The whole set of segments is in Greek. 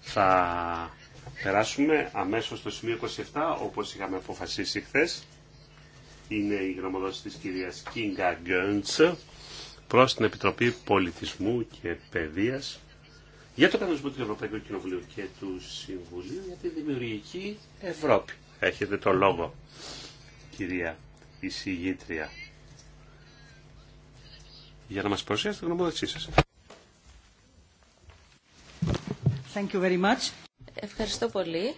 Θα περάσουμε αμέσως στο σημείο 27, όπως είχαμε αποφασίσει χθε. Είναι η γνωμοδότηση της κυρίας Κίνγκα Γκέντς προς την Επιτροπή Πολιτισμού και Παιδείας για το κανονισμό του Ευρωπαϊκού Κοινοβουλίου και του Συμβουλίου για τη Δημιουργική Ευρώπη. Έχετε το λόγο, κυρία εισηγήτρια, για να μας παρουσιάσετε την γνωμοδότησή σας. Ευχαριστώ πολύ.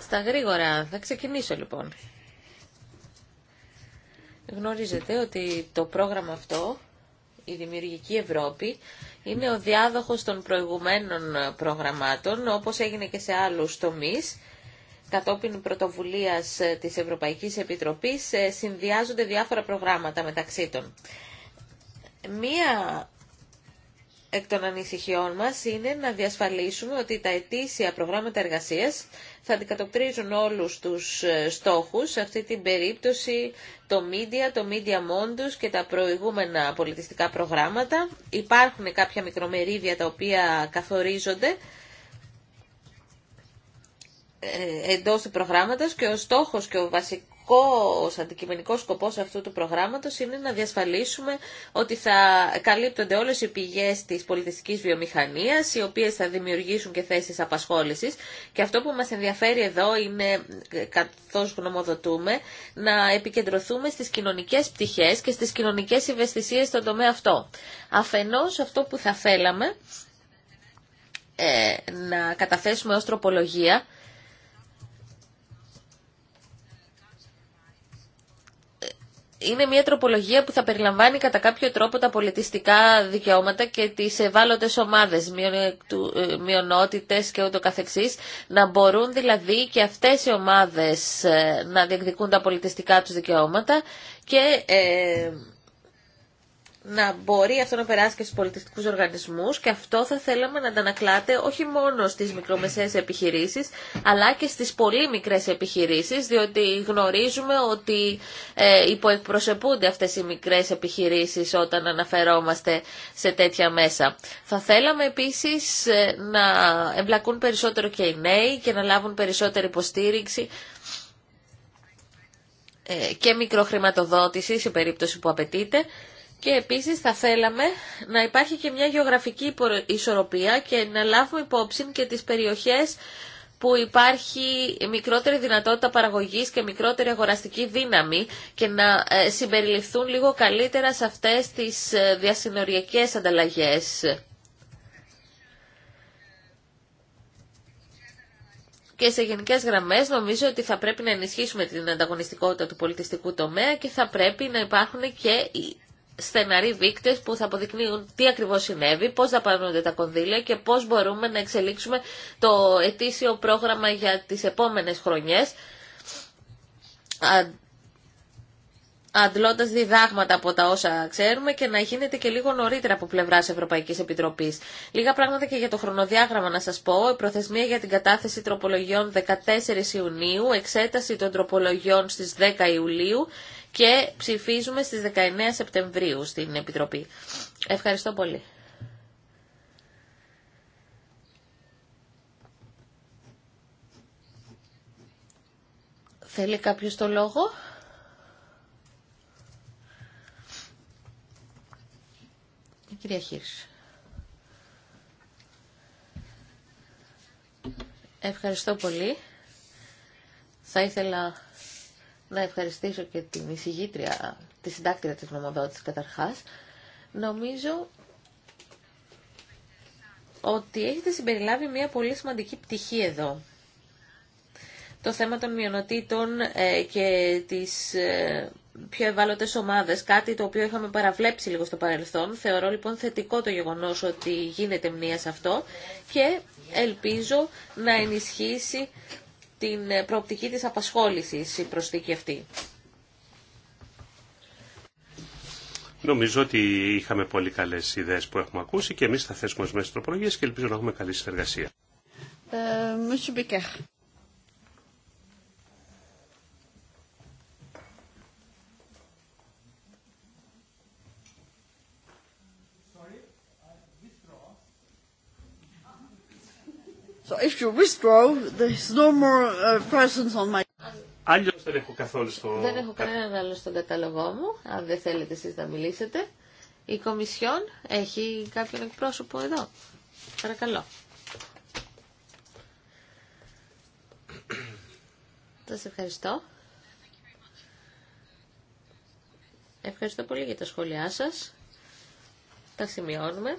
Στα γρήγορα, θα ξεκινήσω λοιπόν. Γνωρίζετε ότι το πρόγραμμα αυτό, η Δημιουργική Ευρώπη, είναι ο διάδοχος των προηγουμένων προγραμμάτων, όπως έγινε και σε άλλους τομείς, κατόπιν πρωτοβουλίας της Ευρωπαϊκής Επιτροπής ε, συνδυάζονται διάφορα προγράμματα μεταξύ των. Μία εκ των ανησυχιών μας είναι να διασφαλίσουμε ότι τα ετήσια προγράμματα εργασίας θα αντικατοπτρίζουν όλους τους ε, στόχους, σε αυτή την περίπτωση το Media, το Media Mondus και τα προηγούμενα πολιτιστικά προγράμματα. Υπάρχουν κάποια μικρομερίδια τα οποία καθορίζονται ε, εντός του προγράμματος και ο στόχος και ο βασικός ο αντικειμενικός σκοπός αυτού του προγράμματος είναι να διασφαλίσουμε ότι θα καλύπτονται όλες οι πηγές της πολιτιστικής βιομηχανίας, οι οποίες θα δημιουργήσουν και θέσεις απασχόλησης. Και αυτό που μας ενδιαφέρει εδώ είναι, καθώς γνωμοδοτούμε, να επικεντρωθούμε στις κοινωνικές πτυχές και στις κοινωνικές ευαισθησίες στον τομέα αυτό. Αφενός αυτό που θα θέλαμε ε, να καταθέσουμε ως τροπολογία είναι μια τροπολογία που θα περιλαμβάνει κατά κάποιο τρόπο τα πολιτιστικά δικαιώματα και τις ευάλωτες ομάδες, ε, μειονότητες και ούτω καθεξής, να μπορούν δηλαδή και αυτές οι ομάδες ε, να διεκδικούν τα πολιτιστικά τους δικαιώματα και ε, να μπορεί αυτό να περάσει και στους πολιτιστικούς οργανισμούς και αυτό θα θέλαμε να αντανακλάτε όχι μόνο στις μικρομεσαίες επιχειρήσεις αλλά και στις πολύ μικρές επιχειρήσεις διότι γνωρίζουμε ότι ε, υποεκπροσωπούνται αυτές οι μικρές επιχειρήσεις όταν αναφερόμαστε σε τέτοια μέσα. Θα θέλαμε επίσης ε, να εμπλακούν περισσότερο και οι νέοι και να λάβουν περισσότερη υποστήριξη ε, και μικροχρηματοδότηση σε περίπτωση που απαιτείται και επίσης θα θέλαμε να υπάρχει και μια γεωγραφική ισορροπία και να λάβουμε υπόψη και τις περιοχές που υπάρχει μικρότερη δυνατότητα παραγωγής και μικρότερη αγοραστική δύναμη και να ε, συμπεριληφθούν λίγο καλύτερα σε αυτές τις ε, διασυνοριακές ανταλλαγές. Και σε γενικέ γραμμέ νομίζω ότι θα πρέπει να ενισχύσουμε την ανταγωνιστικότητα του πολιτιστικού τομέα και θα πρέπει να υπάρχουν και στεναροί δείκτε που θα αποδεικνύουν τι ακριβώ συνέβη, πώς δαπανούνται τα κονδύλια και πώ μπορούμε να εξελίξουμε το ετήσιο πρόγραμμα για τι επόμενε χρονιέ. αντλώντα διδάγματα από τα όσα ξέρουμε και να γίνεται και λίγο νωρίτερα από πλευρά Ευρωπαϊκή Επιτροπή. Λίγα πράγματα και για το χρονοδιάγραμμα να σα πω. Η προθεσμία για την κατάθεση τροπολογιών 14 Ιουνίου, εξέταση των τροπολογιών στι 10 Ιουλίου και ψηφίζουμε στις 19 Σεπτεμβρίου στην Επιτροπή. Ευχαριστώ πολύ. Θέλει κάποιος το λόγο. Η κυρία Χίρς. Ευχαριστώ πολύ. Θα ήθελα να ευχαριστήσω και την εισηγήτρια, τη συντάκτρια της νομοδότησης καταρχάς. Νομίζω ότι έχετε συμπεριλάβει μια πολύ σημαντική πτυχή εδώ. Το θέμα των μειονοτήτων ε, και της ε, πιο ευάλωτες ομάδες. κάτι το οποίο είχαμε παραβλέψει λίγο στο παρελθόν. Θεωρώ λοιπόν θετικό το γεγονός ότι γίνεται μία σε αυτό και ελπίζω να ενισχύσει την ε, προοπτική της απασχόλησης η προσθήκη αυτή. Νομίζω ότι είχαμε πολύ καλές ιδέες που έχουμε ακούσει και εμείς θα θέσουμε ως μέσα τροπολογίες και ελπίζω να έχουμε καλή συνεργασία. Ε, So if you withdraw, there's no more uh, on my... δεν έχω καθόλου στο... Δεν έχω κανέναν άλλο στον καταλογό μου, αν δεν θέλετε εσείς να μιλήσετε. Η Κομισιόν έχει κάποιον εκπρόσωπο εδώ. Παρακαλώ. Σα ευχαριστώ. Ευχαριστώ πολύ για τα σχόλιά σας. Τα σημειώνουμε.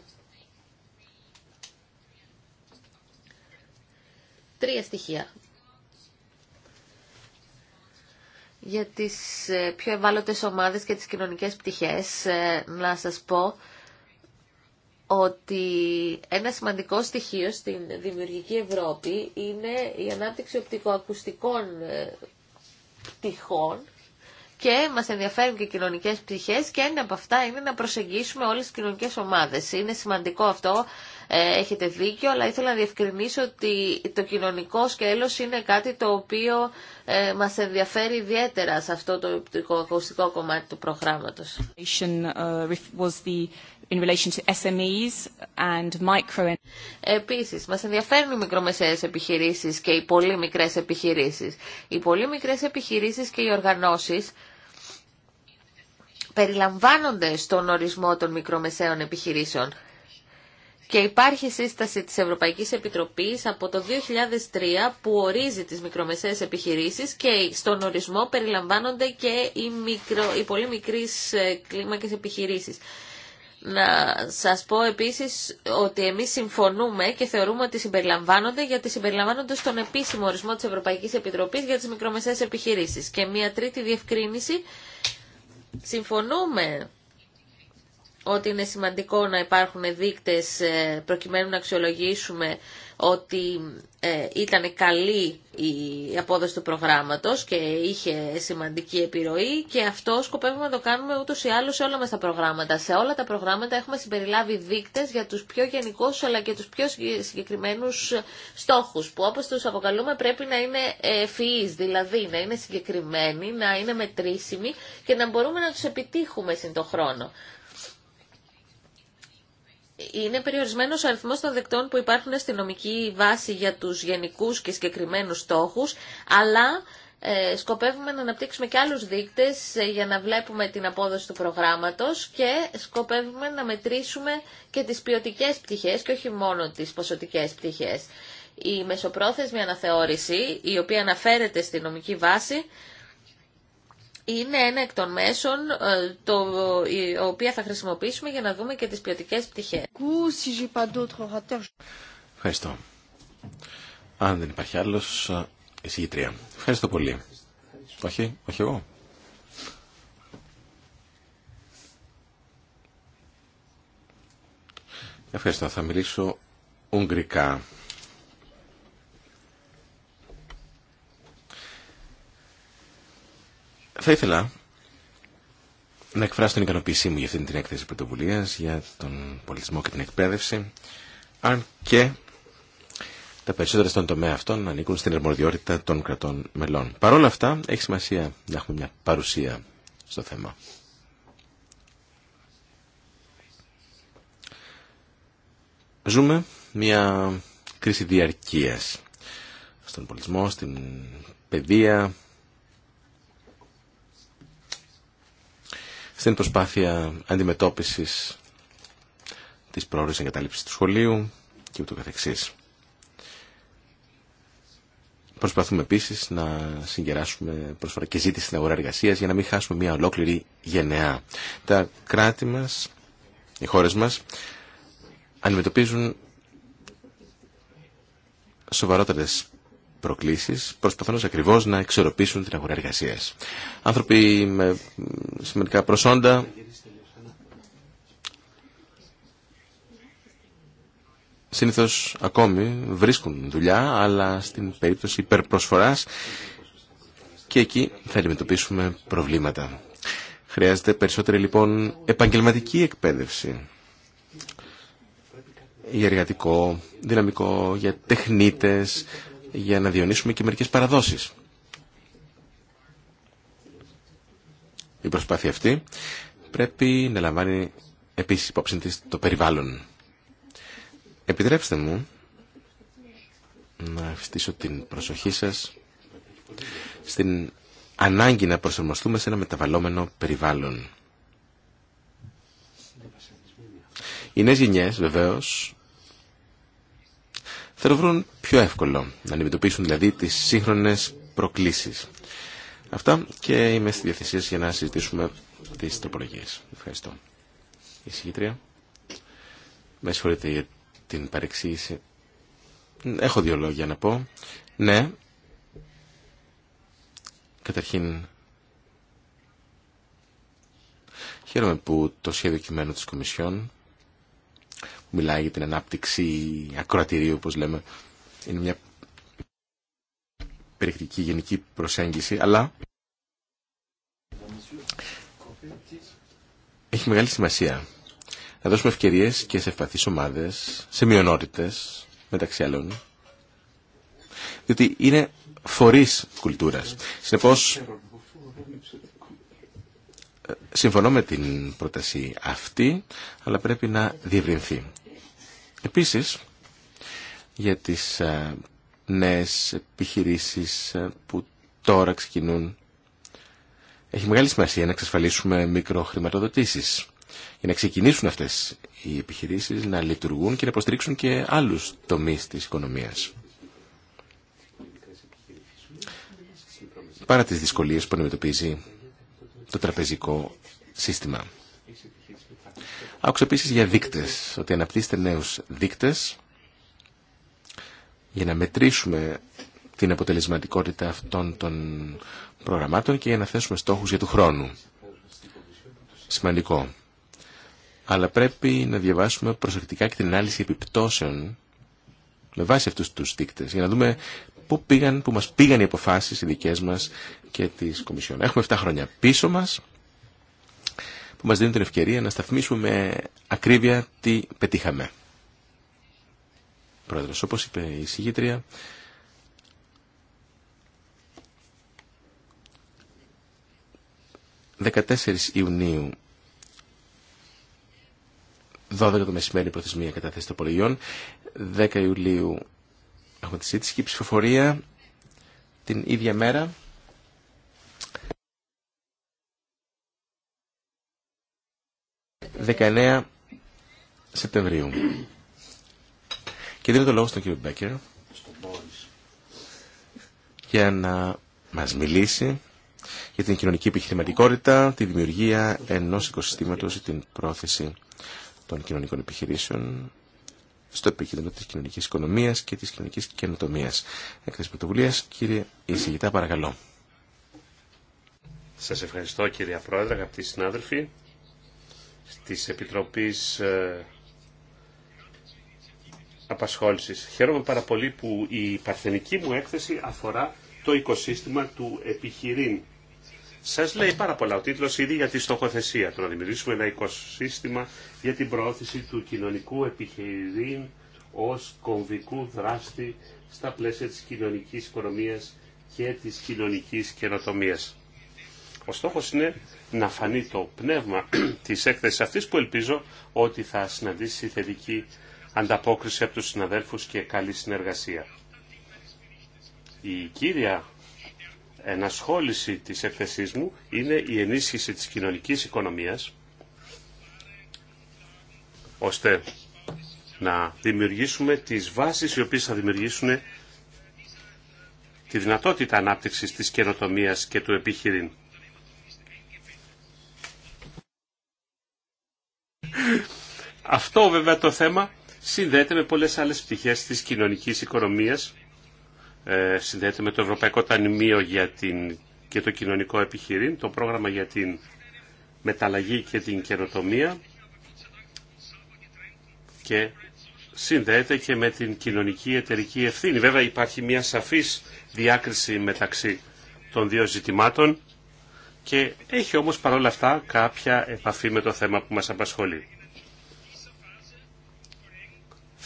Τρία στοιχεία. Για τις ε, πιο ευάλωτες ομάδες και τις κοινωνικές πτυχές, ε, να σας πω ότι ένα σημαντικό στοιχείο στην δημιουργική Ευρώπη είναι η ανάπτυξη οπτικοακουστικών ε, πτυχών και μας ενδιαφέρουν και κοινωνικές πτυχές και ένα από αυτά είναι να προσεγγίσουμε όλες τις κοινωνικές ομάδες. Είναι σημαντικό αυτό ε, έχετε δίκιο, αλλά ήθελα να διευκρινίσω ότι το κοινωνικό σκέλος είναι κάτι το οποίο ε, μας ενδιαφέρει ιδιαίτερα σε αυτό το ακουστικό κομμάτι του προγράμματος. Επίσης, μας ενδιαφέρουν οι μικρομεσαίες επιχειρήσεις και οι πολύ μικρές επιχειρήσεις. Οι πολύ μικρές επιχειρήσεις και οι οργανώσεις περιλαμβάνονται στον ορισμό των μικρομεσαίων επιχειρήσεων. Και υπάρχει σύσταση της Ευρωπαϊκής Επιτροπής από το 2003 που ορίζει τις μικρομεσαίες επιχειρήσεις και στον ορισμό περιλαμβάνονται και οι, μικρο, οι πολύ μικρής ε, κλίμακες επιχειρήσεις. Να σας πω επίσης ότι εμείς συμφωνούμε και θεωρούμε ότι συμπεριλαμβάνονται γιατί συμπεριλαμβάνονται στον επίσημο ορισμό της Ευρωπαϊκής Επιτροπής για τις μικρομεσαίες επιχειρήσεις. Και μια τρίτη διευκρίνηση, συμφωνούμε ότι είναι σημαντικό να υπάρχουν δείκτες ε, προκειμένου να αξιολογήσουμε ότι ε, ήταν καλή η απόδοση του προγράμματος και είχε σημαντική επιρροή και αυτό σκοπεύουμε να το κάνουμε ούτως ή άλλως σε όλα μας τα προγράμματα. Σε όλα τα προγράμματα έχουμε συμπεριλάβει δείκτες για τους πιο γενικούς αλλά και τους πιο συγκεκριμένους στόχους που όπως τους αποκαλούμε πρέπει να είναι ευφυείς, δηλαδή να είναι συγκεκριμένοι, να είναι μετρήσιμοι και να μπορούμε να τους επιτύχουμε συν το χρόνο είναι περιορισμένος ο αριθμός των δεκτών που υπάρχουν στη νομική βάση για τους γενικούς και συγκεκριμένους στόχους, αλλά ε, σκοπεύουμε να αναπτύξουμε και άλλους δείκτες ε, για να βλέπουμε την απόδοση του προγράμματος και σκοπεύουμε να μετρήσουμε και τις ποιοτικέ πτυχές και όχι μόνο τις ποσοτικές πτυχές. Η μεσοπρόθεσμη αναθεώρηση, η οποία αναφέρεται στη νομική βάση, είναι ένα εκ των μέσων ε, το οποία θα χρησιμοποιήσουμε για να δούμε και τις ποιοτικέ πτυχές. Ευχαριστώ. Αν δεν υπάρχει άλλος, εισηγητρία. Ευχαριστώ πολύ. Όχι, όχι εγώ. Ευχαριστώ. Θα μιλήσω ουγγρικά. Θα ήθελα να εκφράσω την ικανοποίησή μου για αυτή την έκθεση πρωτοβουλία για τον πολιτισμό και την εκπαίδευση, αν και τα περισσότερα στον τομέα αυτών ανήκουν στην αρμοδιότητα των κρατών μελών. Παρ' όλα αυτά, έχει σημασία να έχουμε μια παρουσία στο θέμα. Ζούμε μια κρίση διαρκείας στον πολιτισμό, στην παιδεία, στην προσπάθεια αντιμετώπισης της πρόορης εγκατάλειψης του σχολείου και ούτω καθεξής. Προσπαθούμε επίσης να συγκεράσουμε προσφορά και ζήτηση στην αγορά εργασίας για να μην χάσουμε μια ολόκληρη γενεά. Τα κράτη μας, οι χώρες μας, αντιμετωπίζουν σοβαρότερες προκλήσεις, προσπαθώντας να εξορροπήσουν την αγορά εργασίας. Άνθρωποι με σημαντικά προσόντα, συνήθως ακόμη βρίσκουν δουλειά, αλλά στην περίπτωση υπερπροσφοράς και εκεί θα αντιμετωπίσουμε προβλήματα. Χρειάζεται περισσότερη λοιπόν επαγγελματική εκπαίδευση για εργατικό, δυναμικό, για τεχνίτες, για να διονύσουμε και μερικές παραδόσεις. Η προσπάθεια αυτή πρέπει να λαμβάνει επίσης υπόψη της το περιβάλλον. Επιτρέψτε μου να ευστήσω την προσοχή σας στην ανάγκη να προσαρμοστούμε σε ένα μεταβαλλόμενο περιβάλλον. Οι νέες γενιές βεβαίως θα το βρουν πιο εύκολο να αντιμετωπίσουν δηλαδή τι σύγχρονε προκλήσεις. Αυτά και είμαι στη διαθεσία για να συζητήσουμε τι τροπολογίε. Ευχαριστώ. Η συγχυτρία. Με συγχωρείτε για την παρεξήγηση. Έχω δύο λόγια να πω. Ναι. Καταρχήν χαίρομαι που το σχέδιο κειμένου της Κομισιόν μιλάει για την ανάπτυξη ακροατηρίου, όπως λέμε. Είναι μια περιεκτική γενική προσέγγιση, αλλά έχει μεγάλη σημασία να δώσουμε ευκαιρίες και σε ευπαθείς ομάδες, σε μειονότητες, μεταξύ άλλων, διότι είναι φορείς κουλτούρας. Συνεπώς, ε, συμφωνώ με την πρόταση αυτή, αλλά πρέπει να διευρυνθεί. Επίσης, για τις ε, νέες επιχειρήσεις ε, που τώρα ξεκινούν, έχει μεγάλη σημασία να εξασφαλίσουμε μικροχρηματοδοτήσεις για να ξεκινήσουν αυτές οι επιχειρήσεις να λειτουργούν και να υποστηρίξουν και άλλους τομείς της οικονομίας. Παρά τις δυσκολίες που αντιμετωπίζει το τραπεζικό σύστημα. Άκουσα επίση για δείκτε, ότι αναπτύσσετε νέου δείκτε για να μετρήσουμε την αποτελεσματικότητα αυτών των προγραμμάτων και για να θέσουμε στόχους για του χρόνου. Σημαντικό. Αλλά πρέπει να διαβάσουμε προσεκτικά και την ανάλυση επιπτώσεων με βάση αυτού τους δείκτε, για να δούμε πού πήγαν, πού μας πήγαν οι αποφάσει οι δικέ μα και της Κομισιόν. Έχουμε 7 χρόνια πίσω μας που μας δίνει την ευκαιρία να σταθμίσουμε ακρίβεια τι πετύχαμε. Πρόεδρος, όπως είπε η συγγήτρια, ...14 Ιουνίου 12 το μεσημέρι προθεσμία κατάθεση πολιγιών, 10 Ιουλίου έχουμε τη σύντηση και η ψηφοφορία την ίδια μέρα 19 Σεπτεμβρίου. Και δίνω το λόγο στον κύριο Μπέκερ για να μας μιλήσει για την κοινωνική επιχειρηματικότητα, τη δημιουργία ενός οικοσυστήματος ή την πρόθεση των κοινωνικών επιχειρήσεων στο επίκεντρο της κοινωνικής οικονομίας και της κοινωνικής καινοτομίας. Έκθεση πρωτοβουλίας, κύριε Ισηγητά, παρακαλώ. Σας ευχαριστώ κύριε Πρόεδρε, αγαπητοί συνάδελφοι της Επιτροπής ε, Απασχόλησης. Χαίρομαι πάρα πολύ που η παρθενική μου έκθεση αφορά το οικοσύστημα του επιχειρήν. Σας λέει πάρα πολλά ο τίτλος ήδη για τη στοχοθεσία, το να δημιουργήσουμε ένα οικοσύστημα για την προώθηση του κοινωνικού επιχειρήν ως κομβικού δράστη στα πλαίσια της κοινωνικής οικονομίας και της κοινωνικής καινοτομίας. Ο στόχος είναι να φανεί το πνεύμα της έκθεσης αυτής που ελπίζω ότι θα συναντήσει θετική ανταπόκριση από τους συναδέλφους και καλή συνεργασία. Η κύρια ενασχόληση της έκθεσής μου είναι η ενίσχυση της κοινωνικής οικονομίας ώστε να δημιουργήσουμε τις βάσεις οι οποίες θα δημιουργήσουν τη δυνατότητα ανάπτυξης της καινοτομίας και του επιχειρήν. Αυτό βέβαια το θέμα συνδέεται με πολλές άλλες πτυχές της κοινωνικής οικονομίας, ε, συνδέεται με το Ευρωπαϊκό Ταμείο για την, και το Κοινωνικό Επιχειρήν, το πρόγραμμα για την μεταλλαγή και την καινοτομία και συνδέεται και με την κοινωνική εταιρική ευθύνη. Βέβαια υπάρχει μια σαφής διάκριση μεταξύ των δύο ζητημάτων και έχει όμως παρόλα αυτά κάποια επαφή με το θέμα που μας απασχολεί.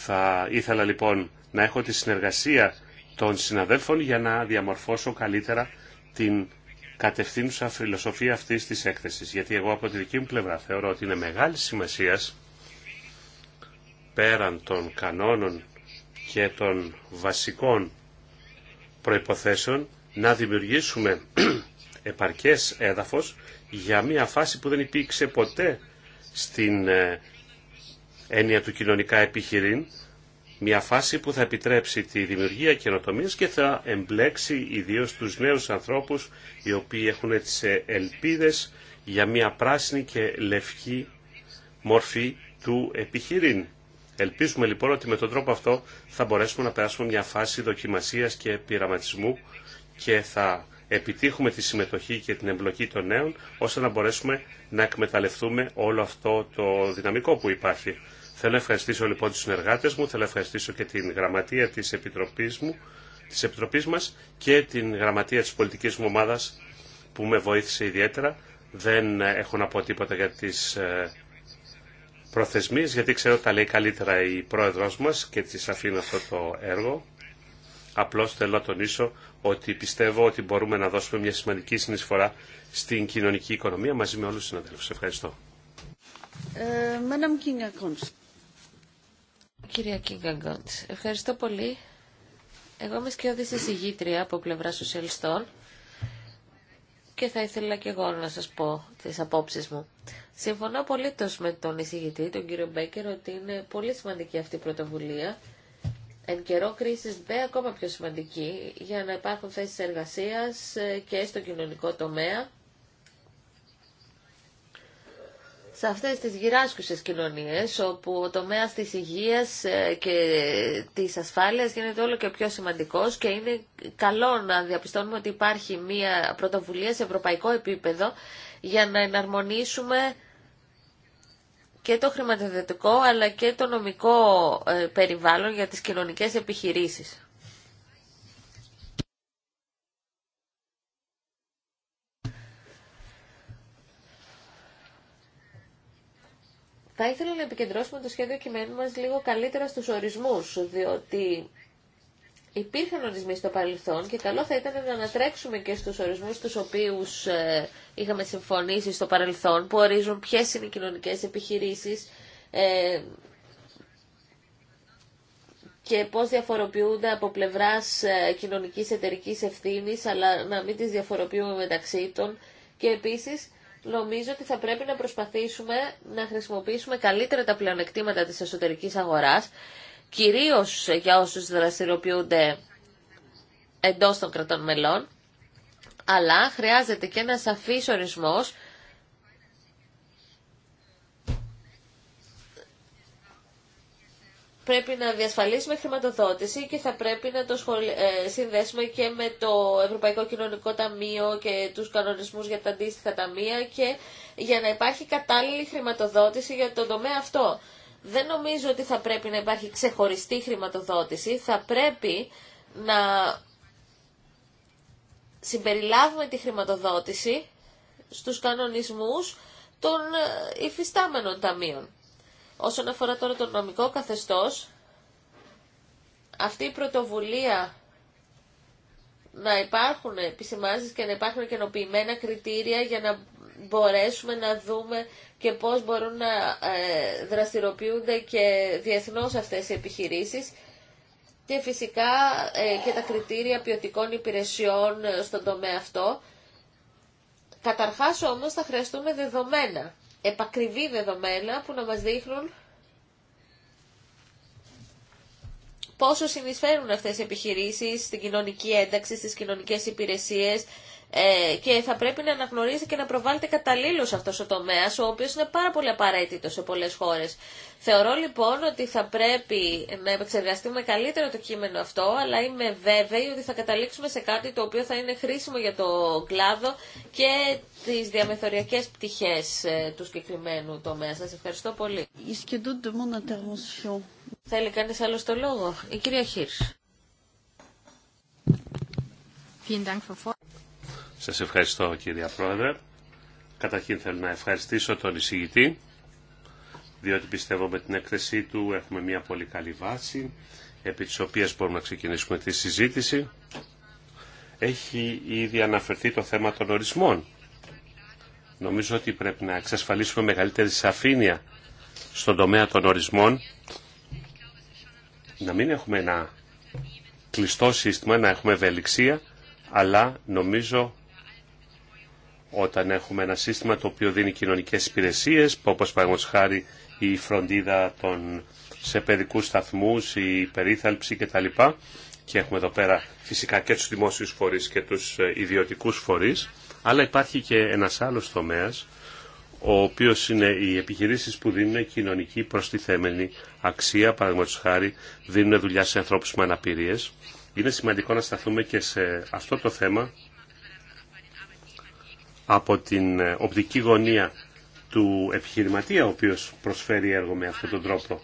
Θα ήθελα λοιπόν να έχω τη συνεργασία των συναδέλφων για να διαμορφώσω καλύτερα την κατευθύνουσα φιλοσοφία αυτής της έκθεσης. Γιατί εγώ από τη δική μου πλευρά θεωρώ ότι είναι μεγάλη σημασία πέραν των κανόνων και των βασικών προϋποθέσεων να δημιουργήσουμε επαρκές έδαφος για μια φάση που δεν υπήρξε ποτέ στην ε, έννοια του κοινωνικά επιχειρήν, μια φάση που θα επιτρέψει τη δημιουργία καινοτομίας και θα εμπλέξει ιδίως τους νέους ανθρώπους οι οποίοι έχουν τις ελπίδες για μια πράσινη και λευκή μορφή του επιχειρήν. Ελπίζουμε λοιπόν ότι με τον τρόπο αυτό θα μπορέσουμε να περάσουμε μια φάση δοκιμασίας και πειραματισμού και θα επιτύχουμε τη συμμετοχή και την εμπλοκή των νέων ώστε να μπορέσουμε να εκμεταλλευτούμε όλο αυτό το δυναμικό που υπάρχει. Θέλω να ευχαριστήσω λοιπόν τους συνεργάτες μου, θέλω να ευχαριστήσω και την γραμματεία της Επιτροπής, μου, της Επιτροπής μας και την γραμματεία της πολιτικής μου ομάδας που με βοήθησε ιδιαίτερα. Δεν έχω να πω τίποτα για τις ε, προθεσμίες, γιατί ξέρω τα λέει καλύτερα η πρόεδρος μας και της αφήνω αυτό το έργο. Απλώς θέλω να τονίσω ότι πιστεύω ότι μπορούμε να δώσουμε μια σημαντική συνεισφορά στην κοινωνική οικονομία μαζί με όλους τους συναδέλφους. Ευχαριστώ. Ε, Κυρία Κίγκαγκόντ, ευχαριστώ πολύ. Εγώ είμαι σκιώδη εισηγήτρια από πλευρά σοσιαλιστών και θα ήθελα και εγώ να σας πω τις απόψεις μου. Συμφωνώ πολύ με τον εισηγητή, τον κύριο Μπέκερ, ότι είναι πολύ σημαντική αυτή η πρωτοβουλία. Εν καιρό κρίσης δε ακόμα πιο σημαντική για να υπάρχουν θέσει εργασία ε, και στο κοινωνικό τομέα σε αυτές τις γυράσκουσες κοινωνίες όπου ο τομέας της υγείας ε, και της ασφάλειας γίνεται όλο και πιο σημαντικός και είναι καλό να διαπιστώνουμε ότι υπάρχει μια πρωτοβουλία σε ευρωπαϊκό επίπεδο για να εναρμονίσουμε και το χρηματοδοτικό αλλά και το νομικό ε, περιβάλλον για τις κοινωνικές επιχειρήσεις. Θα ήθελα να επικεντρώσουμε το σχέδιο κειμένου μας λίγο καλύτερα στους ορισμούς, διότι υπήρχαν ορισμοί στο παρελθόν και καλό θα ήταν να ανατρέξουμε και στους ορισμούς τους οποίους ε, είχαμε συμφωνήσει στο παρελθόν, που ορίζουν ποιες είναι οι κοινωνικές επιχειρήσεις, ε, και πώς διαφοροποιούνται από πλευράς ε, κοινωνικής εταιρικής ευθύνης, αλλά να μην τις διαφοροποιούμε μεταξύ των. Και επίσης νομίζω ότι θα πρέπει να προσπαθήσουμε να χρησιμοποιήσουμε καλύτερα τα πλεονεκτήματα της εσωτερικής αγοράς, κυρίως για όσους δραστηριοποιούνται εντός των κρατών μελών, αλλά χρειάζεται και ένα σαφής ορισμός πρέπει να διασφαλίσουμε χρηματοδότηση και θα πρέπει να το ε, συνδέσουμε και με το Ευρωπαϊκό Κοινωνικό Ταμείο και τους κανονισμούς για τα αντίστοιχα ταμεία και για να υπάρχει κατάλληλη χρηματοδότηση για τον τομέα αυτό. Δεν νομίζω ότι θα πρέπει να υπάρχει ξεχωριστή χρηματοδότηση, θα πρέπει να συμπεριλάβουμε τη χρηματοδότηση στους κανονισμούς των ε, υφιστάμενων ταμείων. Όσον αφορά τώρα το νομικό καθεστώς, αυτή η πρωτοβουλία να υπάρχουν επισημάνσεις και να υπάρχουν καινοποιημένα κριτήρια για να μπορέσουμε να δούμε και πώς μπορούν να ε, δραστηριοποιούνται και διεθνώς αυτές οι επιχειρήσεις και φυσικά ε, και τα κριτήρια ποιοτικών υπηρεσιών ε, στον τομέα αυτό. Καταρχάς όμως θα χρειαστούμε δεδομένα επακριβή δεδομένα που να μας δείχνουν πόσο συνεισφέρουν αυτές οι επιχειρήσεις στην κοινωνική ένταξη, στις κοινωνικές υπηρεσίες, ε, και θα πρέπει να αναγνωρίζει και να προβάλλεται καταλήλω αυτό ο τομέα, ο οποίο είναι πάρα πολύ απαραίτητο σε πολλές χώρες. Θεωρώ λοιπόν ότι θα πρέπει να επεξεργαστούμε καλύτερο το κείμενο αυτό, αλλά είμαι βέβαιη ότι θα καταλήξουμε σε κάτι το οποίο θα είναι χρήσιμο για το κλάδο και τις διαμεθοριακές πτυχές ε, του συγκεκριμένου τομέα. Σα ευχαριστώ πολύ. Θέλει κάνει άλλο το λόγο. Η κυρία Χίρς. Σας ευχαριστώ κυρία Πρόεδρε. Καταρχήν θέλω να ευχαριστήσω τον εισηγητή, διότι πιστεύω με την έκθεσή του έχουμε μια πολύ καλή βάση, επί της οποίας μπορούμε να ξεκινήσουμε τη συζήτηση. Έχει ήδη αναφερθεί το θέμα των ορισμών. Νομίζω ότι πρέπει να εξασφαλίσουμε μεγαλύτερη σαφήνεια στον τομέα των ορισμών, να μην έχουμε ένα κλειστό σύστημα, να έχουμε ευελιξία, αλλά νομίζω όταν έχουμε ένα σύστημα το οποίο δίνει κοινωνικές υπηρεσίες, όπως παραδείγματος χάρη η φροντίδα των, σε παιδικούς σταθμούς, η περίθαλψη κτλ. Και έχουμε εδώ πέρα φυσικά και τους δημόσιους φορείς και τους ε, ιδιωτικούς φορείς. Αλλά υπάρχει και ένας άλλος τομέας, ο οποίος είναι οι επιχειρήσεις που δίνουν κοινωνική προστιθέμενη αξία, παραδείγματο χάρη δίνουν δουλειά σε ανθρώπους με αναπηρίες. Είναι σημαντικό να σταθούμε και σε αυτό το θέμα, από την ε, οπτική γωνία του επιχειρηματία ο οποίος προσφέρει έργο με αυτόν τον τρόπο.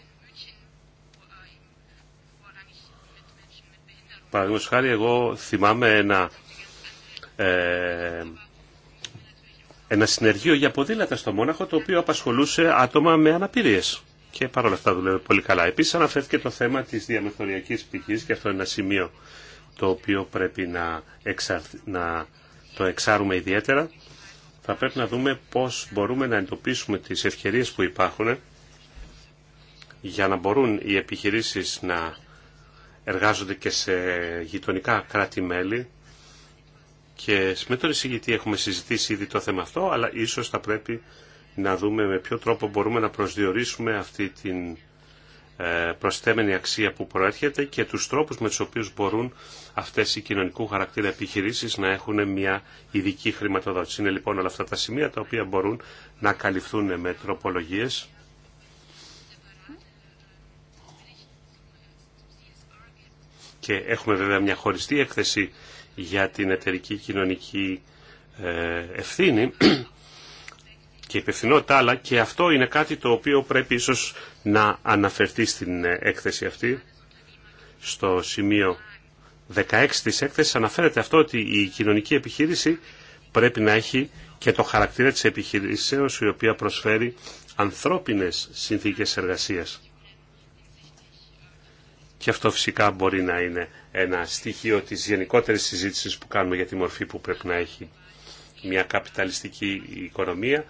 Παραδείγματος χάρη εγώ θυμάμαι ένα, ε, ένα συνεργείο για ποδήλατα στο Μόναχο το οποίο απασχολούσε άτομα με αναπηρίες και παρόλα αυτά δουλεύει πολύ καλά. Επίσης αναφέρθηκε το θέμα της διαμεθοριακής πηγής και αυτό είναι ένα σημείο το οποίο πρέπει να, να το εξάρουμε ιδιαίτερα θα πρέπει να δούμε πώς μπορούμε να εντοπίσουμε τις ευκαιρίες που υπάρχουν για να μπορούν οι επιχειρήσεις να εργάζονται και σε γειτονικά κράτη-μέλη και με τον εισηγητή έχουμε συζητήσει ήδη το θέμα αυτό, αλλά ίσως θα πρέπει να δούμε με ποιο τρόπο μπορούμε να προσδιορίσουμε αυτή την ε, προσθέμενη αξία που προέρχεται και τους τρόπους με τους οποίους μπορούν αυτές οι κοινωνικού χαρακτήρα επιχειρήσεις να έχουν μια ειδική χρηματοδότηση. Είναι λοιπόν όλα αυτά τα σημεία τα οποία μπορούν να καλυφθούν με τροπολογίες. Και έχουμε βέβαια μια χωριστή έκθεση για την εταιρική κοινωνική ε, ευθύνη και υπευθυνότητα, αλλά και αυτό είναι κάτι το οποίο πρέπει ίσως να αναφερθεί στην έκθεση αυτή. Στο σημείο 16 της έκθεσης αναφέρεται αυτό ότι η κοινωνική επιχείρηση πρέπει να έχει και το χαρακτήρα της επιχειρήσεως η οποία προσφέρει ανθρώπινες συνθήκες εργασίας. Και αυτό φυσικά μπορεί να είναι ένα στοιχείο της γενικότερης συζήτησης που κάνουμε για τη μορφή που πρέπει να έχει μια καπιταλιστική οικονομία,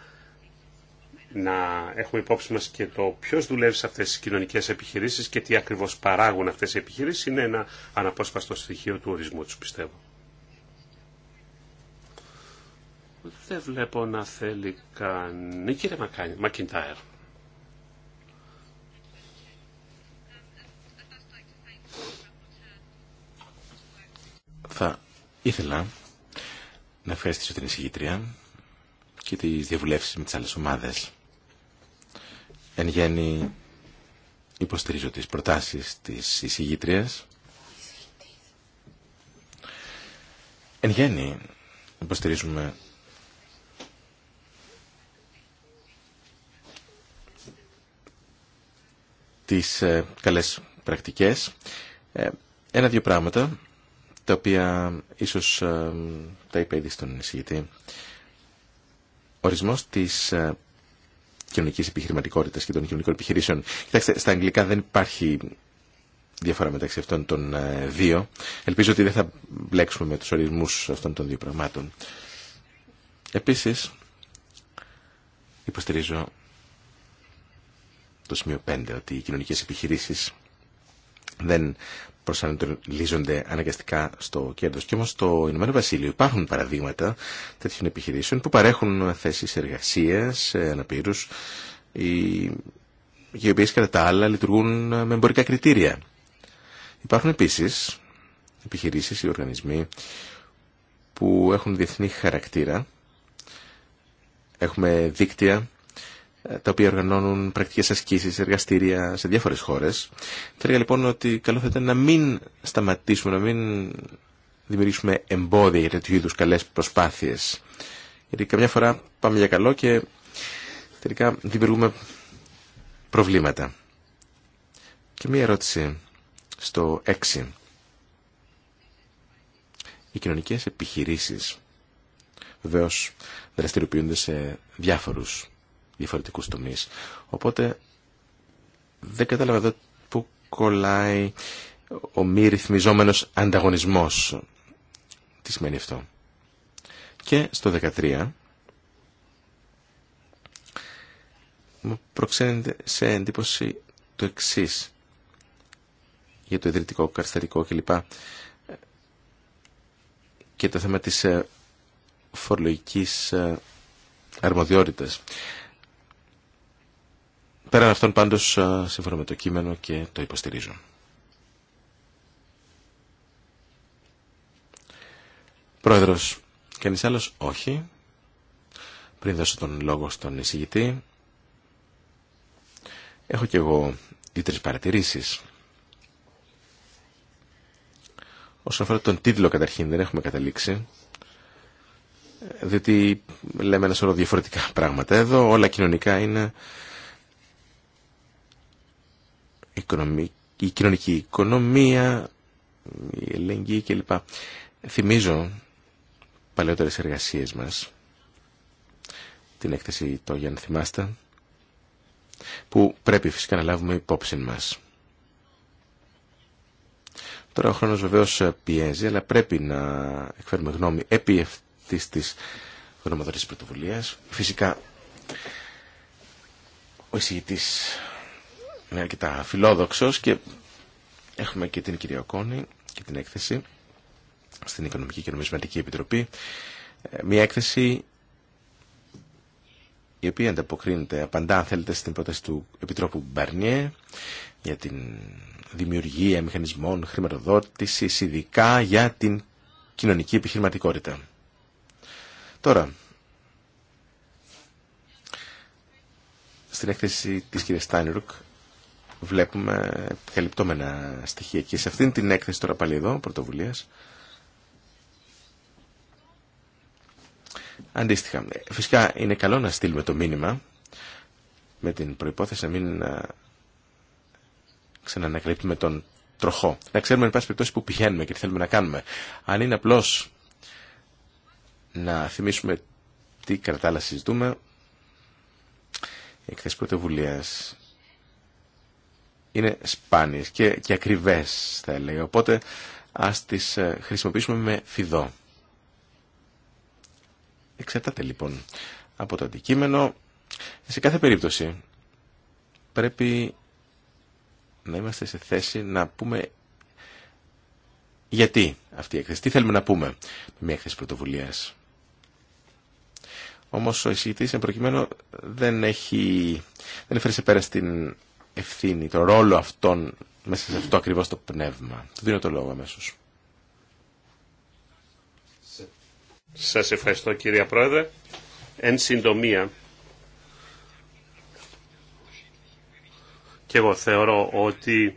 να έχουμε υπόψη μας και το ποιος δουλεύει σε αυτές τις κοινωνικές επιχειρήσεις και τι ακριβώς παράγουν αυτές οι επιχειρήσεις είναι ένα αναπόσπαστο στοιχείο του ορισμού τους πιστεύω. Δεν βλέπω να θέλει κανεί. Κύριε μακκιντάερ Θα ήθελα να ευχαριστήσω την εισηγήτρια και τις διαβουλεύσεις με τις άλλες ομάδες. Εν γέννη υποστηρίζω τις προτάσεις της εισηγήτριας. Εν γέννη υποστηρίζουμε τις ε, καλές πρακτικές. Ε, ένα-δύο πράγματα τα οποία ίσως ε, τα είπε ήδη στον εισηγητή. Ορισμός της κοινωνικής επιχειρηματικότητα και των κοινωνικών επιχειρήσεων. Κοιτάξτε, στα αγγλικά δεν υπάρχει διαφορά μεταξύ αυτών των ε, δύο. Ελπίζω ότι δεν θα μπλέξουμε με τους ορισμού αυτών των δύο πραγμάτων. Επίσης, υποστηρίζω το σημείο 5, ότι οι κοινωνικέ επιχειρήσεις δεν προσανατολίζονται αναγκαστικά στο κέρδο. Και όμω στο Ηνωμένο Βασίλειο υπάρχουν παραδείγματα τέτοιων επιχειρήσεων που παρέχουν θέσει εργασία, ε, αναπήρου, οι οποίε κατά τα άλλα λειτουργούν με εμπορικά κριτήρια. Υπάρχουν επίση επιχειρήσεις ή οργανισμοί που έχουν διεθνή χαρακτήρα. Έχουμε δίκτυα ε, τα οποία οργανώνουν πρακτικές ασκήσεις, εργαστήρια σε διάφορες χώρες. Θα έλεγα λοιπόν ότι καλό θα ήταν να μην σταματήσουμε, να μην δημιουργήσουμε εμπόδια για τέτοιου είδους καλές προσπάθειες. Γιατί καμιά φορά πάμε για καλό και τελικά δημιουργούμε προβλήματα. Και μία ερώτηση στο 6. Οι κοινωνικές επιχειρήσεις βεβαίως δραστηριοποιούνται σε διάφορους διαφορετικούς τομείς. Οπότε δεν κατάλαβα εδώ που κολλάει ο μη ρυθμιζόμενος ανταγωνισμός. Τι σημαίνει αυτό. Και στο 13 μου προξένεται σε εντύπωση το εξή για το ιδρυτικό, καρστερικό κλπ. Και το θέμα της ε, φορολογικής ε, αρμοδιότητας. Πέραν αυτών πάντως σύμφωνα με το κείμενο και το υποστηρίζω. Πρόεδρος, κανείς άλλος όχι. Πριν δώσω τον λόγο στον εισηγητή, έχω και εγώ δυο τρεις παρατηρήσεις. Όσον αφορά τον τίτλο καταρχήν δεν έχουμε καταλήξει, διότι λέμε ένα σωρό διαφορετικά πράγματα εδώ, όλα κοινωνικά είναι η κοινωνική οικονομία, η ελεγγύη κλπ. Θυμίζω παλαιότερες εργασίες μας, την έκθεση το για να θυμάστε, που πρέπει φυσικά να λάβουμε υπόψη μας. Τώρα ο χρόνος βεβαίως πιέζει, αλλά πρέπει να εκφέρουμε γνώμη επί αυτής της γνωματορής πρωτοβουλίας. Φυσικά ο εισηγητής είναι αρκετά φιλόδοξος και έχουμε και την κυρία Κόνη και την έκθεση στην Οικονομική και Νομισματική Επιτροπή. Ε, μια έκθεση η οποία ανταποκρίνεται, απαντά αν θέλετε στην πρόταση του Επιτρόπου Μπαρνιέ για την δημιουργία μηχανισμών χρηματοδότησης ειδικά για την κοινωνική επιχειρηματικότητα. Τώρα, στην έκθεση της κυρίας βλέπουμε καλυπτόμενα στοιχεία. Και σε αυτήν την έκθεση τώρα πάλι εδώ, πρωτοβουλίας, Αντίστοιχα, φυσικά είναι καλό να στείλουμε το μήνυμα με την προϋπόθεση να μην ξανανακαλύπτουμε τον τροχό. Να ξέρουμε, εν πάση περιπτώσει, που πηγαίνουμε και τι θέλουμε να κάνουμε. Αν είναι απλώς να θυμίσουμε τι κατά τα άλλα συζητούμε, η εκθέση πρωτοβουλία είναι σπάνιες και, και ακριβές θα έλεγα. Οπότε ας τις ε, χρησιμοποιήσουμε με φιδό. Εξαρτάται λοιπόν από το αντικείμενο. Σε κάθε περίπτωση πρέπει να είμαστε σε θέση να πούμε γιατί αυτή η έκθεση. Τι θέλουμε να πούμε με μια έκθεση πρωτοβουλίας. Όμως ο εισηγητής εν προκειμένου δεν έχει, δεν έφερε σε πέρα στην ευθύνη, το ρόλο αυτών μέσα σε αυτό ακριβώς το πνεύμα. Του δίνω το λόγο αμέσως. Σας ευχαριστώ κύριε Πρόεδρε. Εν συντομία, και εγώ θεωρώ ότι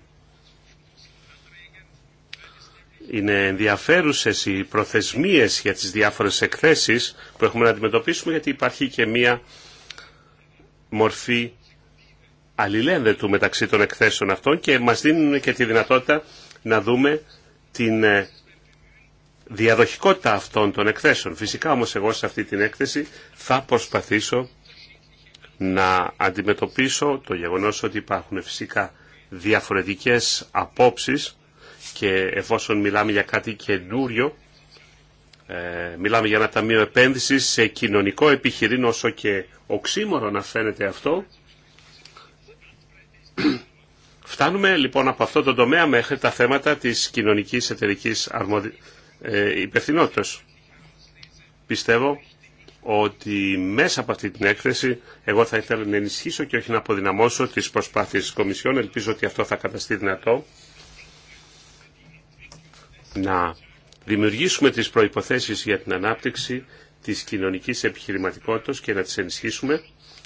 είναι ενδιαφέρουσες οι προθεσμίες για τις διάφορες εκθέσεις που έχουμε να αντιμετωπίσουμε γιατί υπάρχει και μία μορφή αλληλένδετου μεταξύ των εκθέσεων αυτών και μας δίνουν και τη δυνατότητα να δούμε την ε, διαδοχικότητα αυτών των εκθέσεων. Φυσικά όμως εγώ σε αυτή την έκθεση θα προσπαθήσω να αντιμετωπίσω το γεγονός ότι υπάρχουν φυσικά διαφορετικές απόψεις και εφόσον μιλάμε για κάτι καινούριο, ε, μιλάμε για ένα ταμείο επένδυσης σε κοινωνικό επιχειρήν όσο και οξύμορο να φαίνεται αυτό, Φτάνουμε λοιπόν από αυτό το τομέα μέχρι τα θέματα της κοινωνικής εταιρικής αρμοδι... Ε, Πιστεύω ότι μέσα από αυτή την έκθεση εγώ θα ήθελα να ενισχύσω και όχι να αποδυναμώσω τις προσπάθειες της Κομισιόν. Ελπίζω ότι αυτό θα καταστεί δυνατό να δημιουργήσουμε τις προϋποθέσεις για την ανάπτυξη της κοινωνικής επιχειρηματικότητας και να τις ενισχύσουμε.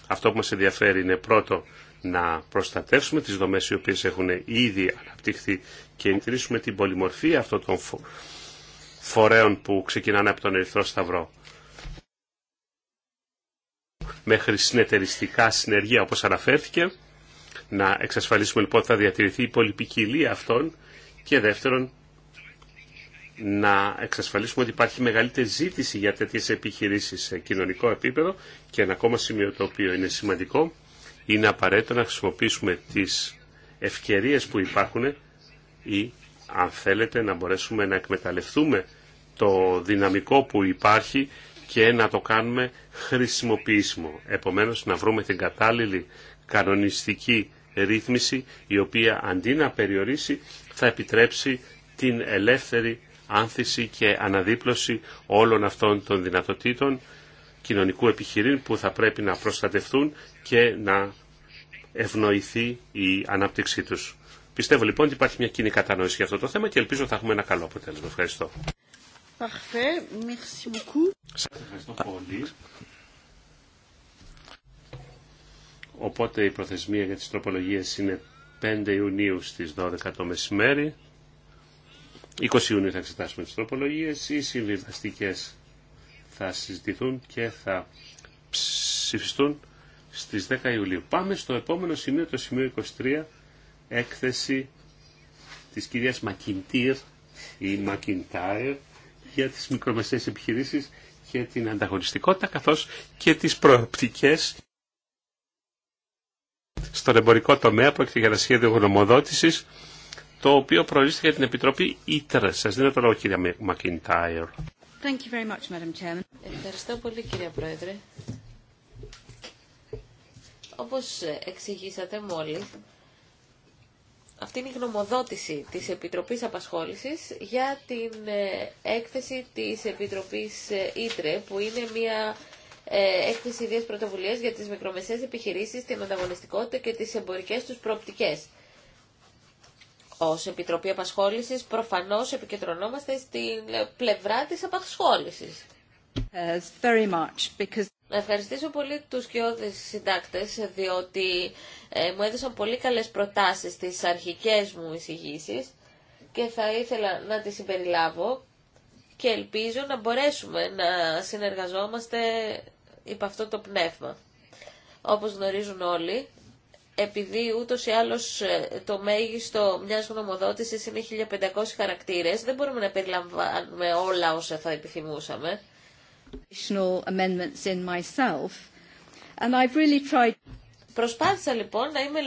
Αυτό που μας ενδιαφέρει είναι πρώτο να προστατεύσουμε τις δομές οι οποίες έχουν ήδη αναπτυχθεί και εντηρήσουμε την πολυμορφία αυτών των φορέων που ξεκινάνε από τον Ερυθρό Σταυρό μέχρι συνεταιριστικά συνεργεία όπως αναφέρθηκε να εξασφαλίσουμε λοιπόν ότι θα διατηρηθεί η πολυπικιλία αυτών και δεύτερον να εξασφαλίσουμε ότι υπάρχει μεγαλύτερη ζήτηση για τέτοιες επιχειρήσεις σε κοινωνικό επίπεδο και ένα ακόμα σημείο το οποίο είναι σημαντικό είναι απαραίτητο να χρησιμοποιήσουμε τις ευκαιρίες που υπάρχουν ή αν θέλετε να μπορέσουμε να εκμεταλλευτούμε το δυναμικό που υπάρχει και να το κάνουμε χρησιμοποιήσιμο. Επομένως να βρούμε την κατάλληλη κανονιστική ρύθμιση η οποία αντί να περιορίσει θα επιτρέψει την ελεύθερη άνθηση και αναδίπλωση όλων αυτών των δυνατοτήτων κοινωνικού επιχειρήν που θα πρέπει να προστατευτούν και να ευνοηθεί η ανάπτυξή τους. Πιστεύω λοιπόν ότι υπάρχει μια κοινή κατανόηση για αυτό το θέμα και ελπίζω θα έχουμε ένα καλό αποτέλεσμα. Ευχαριστώ. ευχαριστώ πολύ. Οπότε η προθεσμία για τις τροπολογίες είναι 5 Ιουνίου στις 12 το μεσημέρι. 20 Ιουνίου θα εξετάσουμε τις τροπολογίες. Οι συμβιβαστικές θα συζητηθούν και θα ψηφιστούν στις 10 Ιουλίου. Πάμε στο επόμενο σημείο, το σημείο 23, έκθεση της κυρίας Μακιντήρ ή Μακιντάιρ για τις μικρομεσαίες επιχειρήσεις και την ανταγωνιστικότητα καθώς και τις προοπτικές στον εμπορικό τομέα πρόκειται για τα σχέδιο γνωμοδότησης το οποίο προορίστηκε για την Επιτροπή Ήτρε. Σας δίνω το λόγο κύριε Μακιντάιρ. Thank you very much, Madam Chairman. Ευχαριστώ πολύ, κυρία Πρόεδρε. Όπως εξηγήσατε μόλις, αυτή είναι η γνωμοδότηση της Επιτροπής Απασχόλησης για την ε, έκθεση της Επιτροπής ε, Ήτρε, που είναι μια ε, έκθεση ιδίας πρωτοβουλίας για τις μικρομεσαίες επιχειρήσεις, την ανταγωνιστικότητα και τις εμπορικές τους προοπτικές ως Επιτροπή Απασχόλησης προφανώς επικεντρωνόμαστε στην πλευρά της απασχόλησης. Να ευχαριστήσω πολύ τους κοιόδες συντάκτες, διότι ε, μου έδωσαν πολύ καλές προτάσεις στις αρχικές μου εισηγήσεις και θα ήθελα να τις συμπεριλάβω και ελπίζω να μπορέσουμε να συνεργαζόμαστε υπ' αυτό το πνεύμα. Όπως γνωρίζουν όλοι, επειδή ούτως ή άλλως ε, το μέγιστο μιας γνωμοδότησης είναι 1500 χαρακτήρες, δεν μπορούμε να περιλαμβάνουμε όλα όσα θα επιθυμούσαμε. Προσπάθησα λοιπόν να είμαι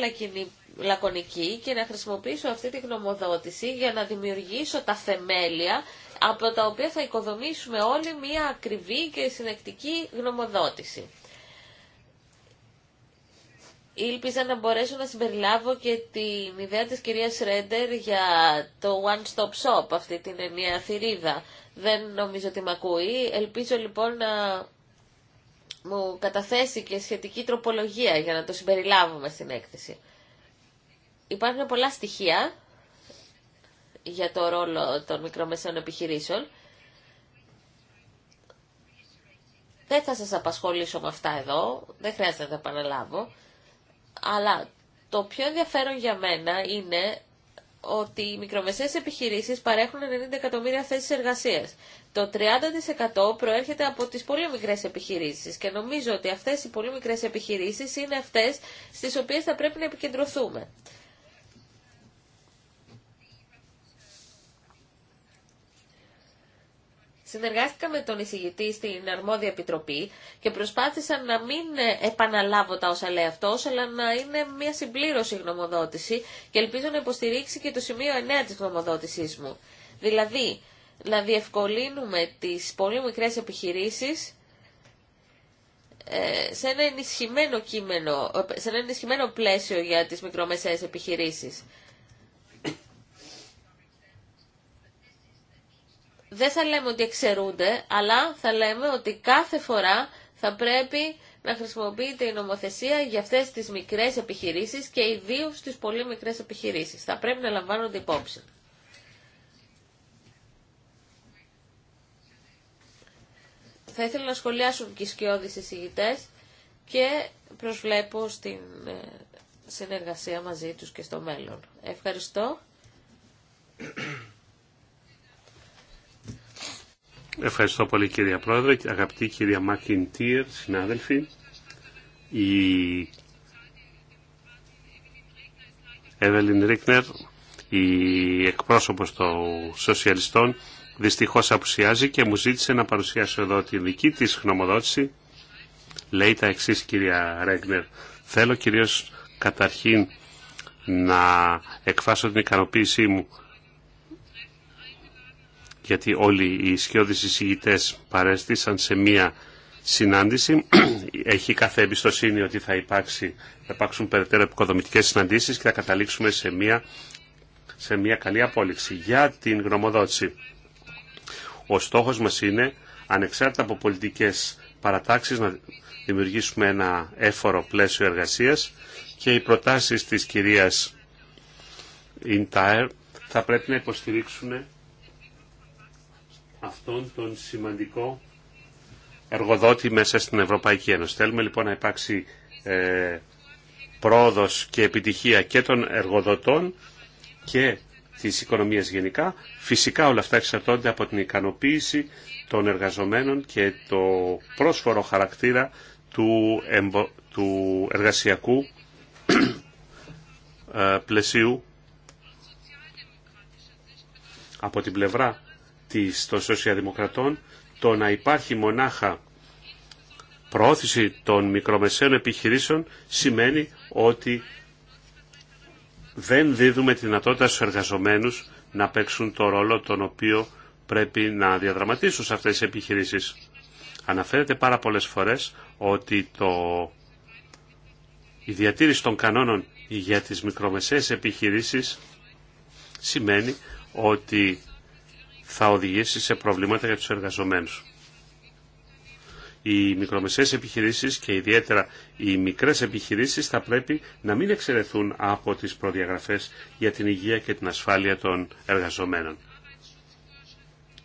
λακωνική και να χρησιμοποιήσω αυτή τη γνωμοδότηση για να δημιουργήσω τα θεμέλια από τα οποία θα οικοδομήσουμε όλοι μια ακριβή και συνεκτική γνωμοδότηση ήλπιζα να μπορέσω να συμπεριλάβω και την ιδέα της κυρίας Ρέντερ για το One Stop Shop, αυτή την ενιαία θηρίδα. Δεν νομίζω ότι με ακούει. Ελπίζω λοιπόν να μου καταθέσει και σχετική τροπολογία για να το συμπεριλάβουμε στην έκθεση. Υπάρχουν πολλά στοιχεία για το ρόλο των μικρομεσαίων επιχειρήσεων. Δεν θα σας απασχολήσω με αυτά εδώ, δεν χρειάζεται να τα επαναλάβω. Αλλά το πιο ενδιαφέρον για μένα είναι ότι οι μικρομεσαίες επιχειρήσεις παρέχουν 90 εκατομμύρια θέσεις εργασίας. Το 30% προέρχεται από τις πολύ μικρές επιχειρήσεις και νομίζω ότι αυτές οι πολύ μικρές επιχειρήσεις είναι αυτές στις οποίες θα πρέπει να επικεντρωθούμε. Συνεργάστηκα με τον εισηγητή στην αρμόδια επιτροπή και προσπάθησα να μην επαναλάβω τα όσα λέει αυτό, αλλά να είναι μια συμπλήρωση γνωμοδότηση και ελπίζω να υποστηρίξει και το σημείο 9 τη γνωμοδότησής μου. Δηλαδή, να διευκολύνουμε τις πολύ μικρές επιχειρήσεις ε, σε ένα ενισχυμένο κείμενο, ε, σε ένα ενισχυμένο πλαίσιο για τις μικρομεσαίες επιχειρήσεις. δεν θα λέμε ότι εξαιρούνται, αλλά θα λέμε ότι κάθε φορά θα πρέπει να χρησιμοποιείται η νομοθεσία για αυτές τις μικρές επιχειρήσεις και ιδίω τις πολύ μικρές επιχειρήσεις. Θα πρέπει να λαμβάνονται υπόψη. Θα ήθελα να σχολιάσουν και οι σκιώδεις εισηγητές και προσβλέπω στην ε, συνεργασία μαζί τους και στο μέλλον. Ευχαριστώ. Ευχαριστώ πολύ κυρία Πρόεδρε, αγαπητή κυρία Τίερ, συνάδελφοι. Η Εύελιν Ρίκνερ, η εκπρόσωπος των σοσιαλιστών, δυστυχώς απουσιάζει και μου ζήτησε να παρουσιάσω εδώ τη δική της γνωμοδότηση. Λέει τα εξής κυρία Ρέγνερ. Θέλω κυρίως καταρχήν να εκφράσω την ικανοποίησή μου γιατί όλοι οι ισχυώδεις εισηγητές παρέστησαν σε μία συνάντηση. Έχει κάθε εμπιστοσύνη ότι θα, υπάρξει, θα υπάρξουν περαιτέρω επικοδομητικές συναντήσεις και θα καταλήξουμε σε μία, σε μία καλή απόλυξη. Για την γνωμοδότηση, ο στόχος μας είναι, ανεξάρτητα από πολιτικές παρατάξεις, να δημιουργήσουμε ένα έφορο πλαίσιο εργασίας και οι προτάσεις της κυρίας Ιντάερ θα πρέπει να υποστηρίξουν αυτόν τον σημαντικό εργοδότη μέσα στην Ευρωπαϊκή Ένωση. Θέλουμε λοιπόν να υπάρξει ε, πρόοδος και επιτυχία και των εργοδοτών και της οικονομίας γενικά. Φυσικά όλα αυτά εξαρτώνται από την ικανοποίηση των εργαζομένων και το πρόσφορο χαρακτήρα του, του εργασιακού ε, πλαισίου από την πλευρά των σοσιαδημοκρατών το να υπάρχει μονάχα προώθηση των μικρομεσαίων επιχειρήσεων σημαίνει ότι δεν δίδουμε τη δυνατότητα στους εργαζομένους να παίξουν το ρόλο τον οποίο πρέπει να διαδραματίσουν σε αυτές τις επιχειρήσεις. Αναφέρεται πάρα πολλές φορές ότι το... η διατήρηση των κανόνων για τις μικρομεσαίες επιχειρήσεις σημαίνει ότι θα οδηγήσει σε προβλήματα για τους εργαζομένους. Οι μικρομεσαίες επιχειρήσεις και ιδιαίτερα οι μικρές επιχειρήσεις θα πρέπει να μην εξαιρεθούν από τις προδιαγραφές για την υγεία και την ασφάλεια των εργαζομένων.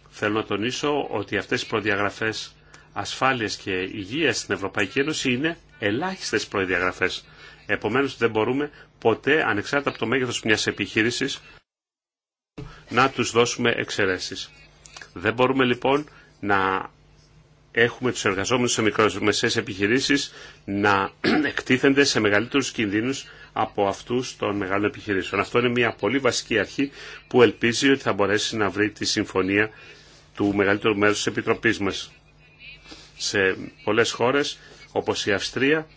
Θέλω να τονίσω ότι αυτές οι προδιαγραφές ασφάλειας και υγείας στην Ευρωπαϊκή Ένωση είναι ελάχιστες προδιαγραφές. Επομένως δεν μπορούμε ποτέ, ανεξάρτητα από το μέγεθος μιας επιχείρησης, να τους δώσουμε εξαιρέσεις. Δεν μπορούμε λοιπόν να έχουμε τους εργαζόμενους σε μικρομεσαίες επιχειρήσεις να εκτίθενται σε μεγαλύτερους κινδύνους από αυτούς των μεγάλων επιχειρήσεων. Αυτό είναι μια πολύ βασική αρχή που ελπίζει ότι θα μπορέσει να βρει τη συμφωνία του μεγαλύτερου μέρους της Επιτροπής μας. Σε πολλές χώρες, όπως η Αυστρία,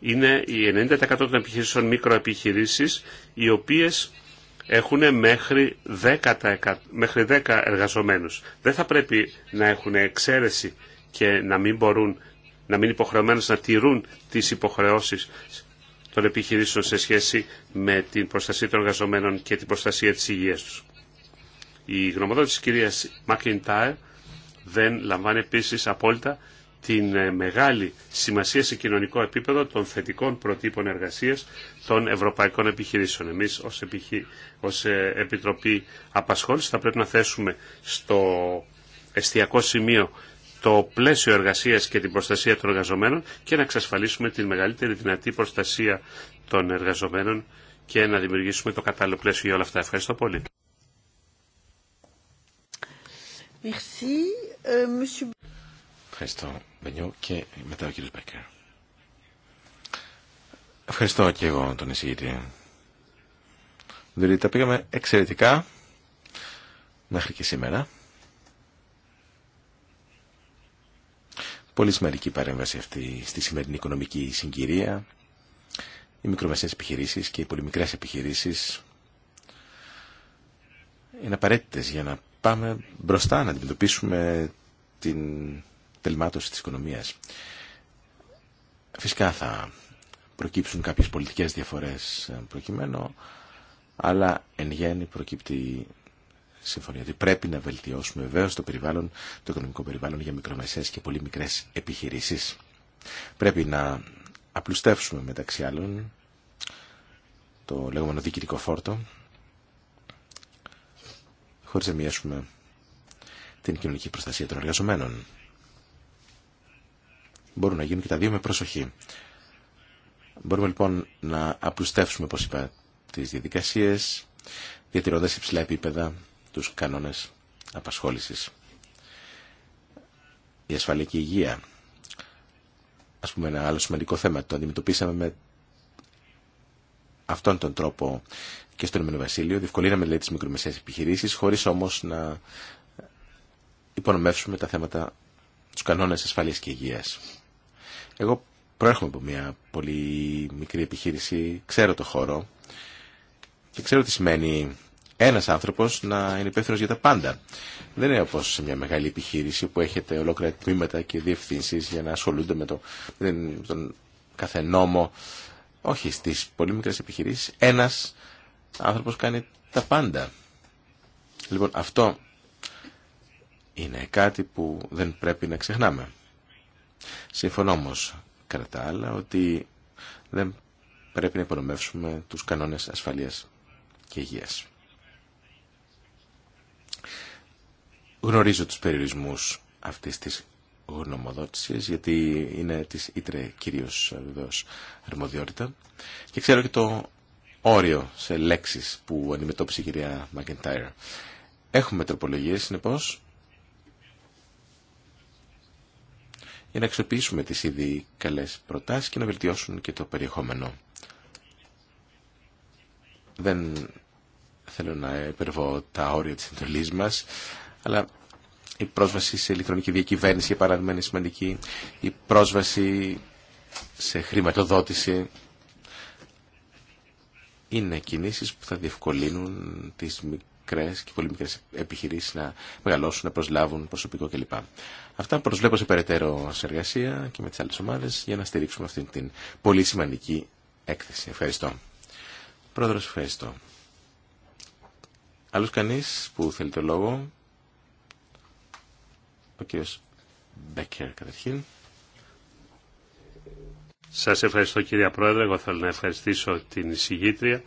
είναι οι 90% των επιχειρήσεων μικροεπιχειρήσεις, οι οποίες έχουν μέχρι 10, μέχρι 10 εργαζομένους. Δεν θα πρέπει να έχουν εξαίρεση και να μην μπορούν να μην υποχρεωμένους να τηρούν τις υποχρεώσεις των επιχειρήσεων σε σχέση με την προστασία των εργαζομένων και την προστασία της υγείας τους. Η γνωμοδότηση της κυρίας Μακριντάε δεν λαμβάνει επίσης απόλυτα την ε, μεγάλη σημασία σε κοινωνικό επίπεδο των θετικών προτύπων εργασίας των ευρωπαϊκών επιχειρήσεων. Εμείς ως, επιχει... ως ε, Επιτροπή Απασχόληση θα πρέπει να θέσουμε στο εστιακό σημείο το πλαίσιο εργασίας και την προστασία των εργαζομένων και να εξασφαλίσουμε την μεγαλύτερη δυνατή προστασία των εργαζομένων και να δημιουργήσουμε το κατάλληλο πλαίσιο για όλα αυτά. Ευχαριστώ πολύ. Ε, Ευχαριστώ. Μπενιό και μετά ο κύριος Μπέκερ. Ευχαριστώ και εγώ τον εισηγητή. Δηλαδή τα πήγαμε εξαιρετικά μέχρι και σήμερα. Πολύ σημαντική παρέμβαση αυτή στη σημερινή οικονομική συγκυρία. Οι μικρομεσαίες επιχειρήσεις και οι πολύ μικρές επιχειρήσεις είναι απαραίτητε για να πάμε μπροστά, να αντιμετωπίσουμε την τελμάτωση της οικονομίας. Φυσικά θα προκύψουν κάποιες πολιτικές διαφορές ε, προκειμένου, αλλά εν γέννη προκύπτει συμφωνία ότι πρέπει να βελτιώσουμε βέβαια το περιβάλλον, το οικονομικό περιβάλλον για μικρομεσαίες και πολύ μικρές επιχειρήσεις. Πρέπει να απλουστεύσουμε μεταξύ άλλων το λεγόμενο διοικητικό φόρτο, χωρίς να μοιέσουμε την κοινωνική προστασία των εργαζομένων. Μπορούν να γίνουν και τα δύο με προσοχή. Μπορούμε λοιπόν να απλουστεύσουμε, όπως είπα, τις διαδικασίες, διατηρώντας υψηλά επίπεδα τους κανόνες απασχόλησης. Η ασφαλή και η υγεία. Ας πούμε ένα άλλο σημαντικό θέμα. Το αντιμετωπίσαμε με αυτόν τον τρόπο και στον Ηνωμένο Βασίλειο. Διευκολύναμε δηλαδή τις μικρομεσαίες επιχειρήσεις, χωρίς όμως να υπονομεύσουμε τα θέματα, τους κανόνες ασφαλεία και υγείας. Εγώ προέρχομαι από μια πολύ μικρή επιχείρηση, ξέρω το χώρο και ξέρω τι σημαίνει ένας άνθρωπος να είναι υπεύθυνο για τα πάντα. Δεν είναι όπως σε μια μεγάλη επιχείρηση που έχετε ολόκληρα τμήματα και διευθύνσεις για να ασχολούνται με, το, με τον κάθε νόμο. Όχι, στις πολύ μικρές επιχειρήσεις ένας άνθρωπος κάνει τα πάντα. Λοιπόν, αυτό είναι κάτι που δεν πρέπει να ξεχνάμε. Συμφωνώ όμω κατά άλλα ότι δεν πρέπει να υπονομεύσουμε τους κανόνες ασφαλείας και υγείας. Γνωρίζω τους περιορισμούς αυτής της γνωμοδότησης, γιατί είναι της ΙΤΡΕ κυρίως ε, βεβαίως αρμοδιότητα και ξέρω και το όριο σε λέξεις που αντιμετώπισε η κυρία Μακεντάιρ. Έχουμε τροπολογίες, συνεπώς, για να αξιοποιήσουμε τις ήδη καλές προτάσεις και να βελτιώσουν και το περιεχόμενο. Δεν θέλω να υπερβώ τα όρια της εντολής μας, αλλά η πρόσβαση σε ηλεκτρονική διακυβέρνηση, για παράδειγμα, είναι σημαντική. Η πρόσβαση σε χρηματοδότηση είναι κινήσεις που θα διευκολύνουν τις μικρέ και πολύ μικρέ επιχειρήσει να μεγαλώσουν, να προσλάβουν προσωπικό κλπ. Αυτά προσβλέπω σε περαιτέρω συνεργασία και με τι άλλε ομάδε για να στηρίξουμε αυτή την πολύ σημαντική έκθεση. Ευχαριστώ. Πρόεδρο ευχαριστώ. Άλλο κανεί που θέλει το λόγο. Ο κύριο Μπέκερ καταρχήν. Σας ευχαριστώ κύριε Πρόεδρε. Εγώ θέλω να ευχαριστήσω την εισηγήτρια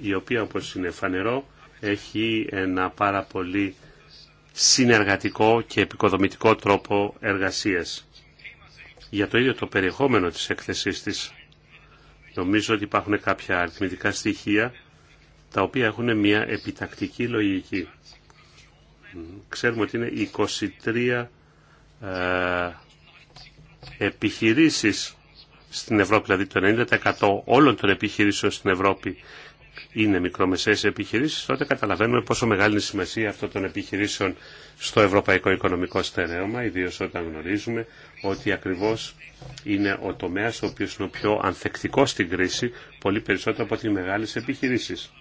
η οποία όπως είναι φανερό έχει ένα πάρα πολύ συνεργατικό και επικοδομητικό τρόπο εργασίας. Για το ίδιο το περιεχόμενο της έκθεσής της, νομίζω ότι υπάρχουν κάποια αριθμητικά στοιχεία τα οποία έχουν μια επιτακτική λογική. Ξέρουμε ότι είναι 23 ε, επιχειρήσεις στην Ευρώπη, δηλαδή το 90% όλων των επιχειρήσεων στην Ευρώπη είναι μικρομεσαίες επιχειρήσεις, τότε καταλαβαίνουμε πόσο μεγάλη είναι η σημασία αυτών των επιχειρήσεων στο ευρωπαϊκό οικονομικό στερέωμα, ιδίω όταν γνωρίζουμε ότι ακριβώς είναι ο τομέας ο οποίος είναι ο πιο ανθεκτικός στην κρίση, πολύ περισσότερο από τις μεγάλες επιχειρήσεις.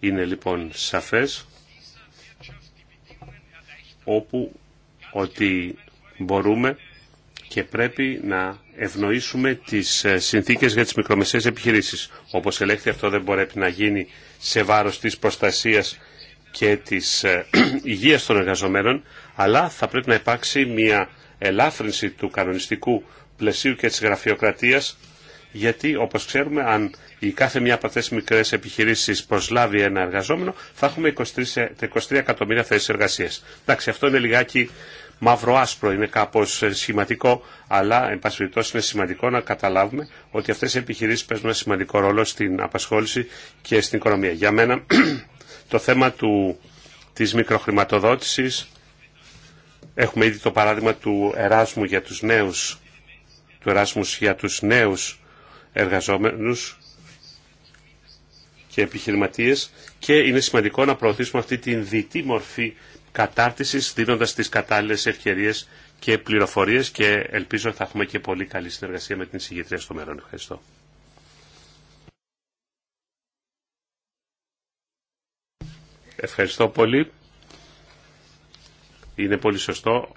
Είναι λοιπόν σαφές όπου ότι μπορούμε και πρέπει να ευνοήσουμε τις ε, συνθήκες για τις μικρομεσαίες επιχειρήσεις. Όπως ελέγχθη αυτό δεν μπορεί να γίνει σε βάρος της προστασίας και της ε, υγείας των εργαζομένων, αλλά θα πρέπει να υπάρξει μια ελάφρυνση του κανονιστικού πλαισίου και της γραφειοκρατίας, γιατί όπως ξέρουμε αν η κάθε μια από αυτές τις μικρές επιχειρήσεις προσλάβει ένα εργαζόμενο, θα έχουμε 23, 23 ε, εκατομμύρια θέσεις εργασίας. Εντάξει, αυτό είναι λιγάκι μαύρο-άσπρο, είναι κάπως ε, σχηματικό, αλλά εν πάση περιπτώσει είναι σημαντικό να καταλάβουμε ότι αυτές οι επιχειρήσεις παίζουν ένα σημαντικό ρόλο στην απασχόληση και στην οικονομία. Για μένα το θέμα του, της μικροχρηματοδότησης, έχουμε ήδη το παράδειγμα του Εράσμου για τους νέους, του Εράσμους για τους νέους εργαζόμενους, και επιχειρηματίες και είναι σημαντικό να προωθήσουμε αυτή την διτή μορφή κατάρτισης δίνοντας τις κατάλληλες ευκαιρίες και πληροφορίες και ελπίζω θα έχουμε και πολύ καλή συνεργασία με την συγγετρία στο μέλλον. Ευχαριστώ. Ευχαριστώ πολύ. Είναι πολύ σωστό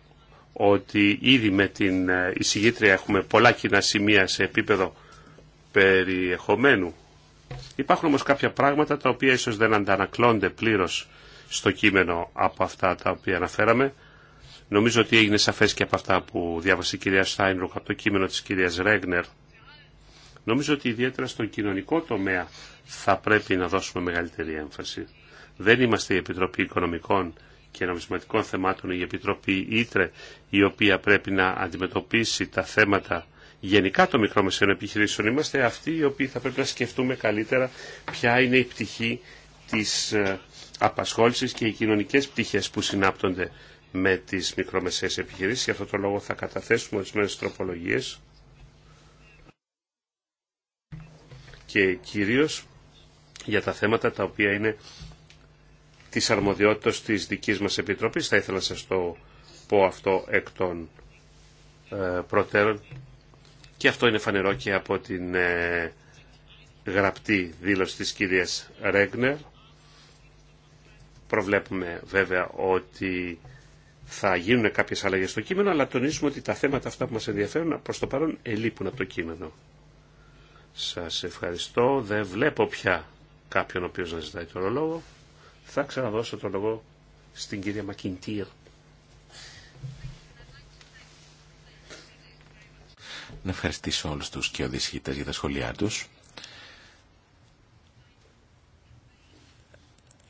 ότι ήδη με την εισηγήτρια έχουμε πολλά κοινά σημεία σε επίπεδο περιεχομένου. Υπάρχουν όμως κάποια πράγματα τα οποία ίσως δεν αντανακλώνται πλήρως στο κείμενο από αυτά τα οποία αναφέραμε. Νομίζω ότι έγινε σαφές και από αυτά που διάβασε η κυρία Στάινρουκ από το κείμενο της κυρίας Ρέγνερ. Νομίζω ότι ιδιαίτερα στον κοινωνικό τομέα θα πρέπει να δώσουμε μεγαλύτερη έμφαση. Δεν είμαστε η Επιτροπή Οικονομικών και Νομισματικών Θεμάτων, η Επιτροπή Ήτρε, η οποία πρέπει να αντιμετωπίσει τα θέματα γενικά των μικρομεσαίων επιχειρήσεων. Είμαστε αυτοί οι οποίοι θα πρέπει να σκεφτούμε καλύτερα ποια είναι η πτυχή της ε, απασχόλησης και οι κοινωνικές πτυχές που συνάπτονται με τις μικρομεσαίες επιχειρήσεις. Γι' αυτό το λόγο θα καταθέσουμε ορισμένε τροπολογίες και κυρίως για τα θέματα τα οποία είναι της αρμοδιότητας της δικής μας Επιτροπής. Θα ήθελα να σας το πω αυτό εκ των ε, προτέρων και αυτό είναι φανερό και από την ε, γραπτή δήλωση της κυρίας Ρέγνερ Προβλέπουμε βέβαια ότι θα γίνουν κάποιες αλλαγές στο κείμενο, αλλά τονίζουμε ότι τα θέματα αυτά που μας ενδιαφέρουν προ το παρόν ελείπουν από το κείμενο. Σας ευχαριστώ. Δεν βλέπω πια κάποιον ο οποίο να ζητάει το λόγο. Θα ξαναδώσω το λόγο στην κυρία Μακιντήρ. Να ευχαριστήσω όλους τους και οδησχύτες για τα σχόλιά τους.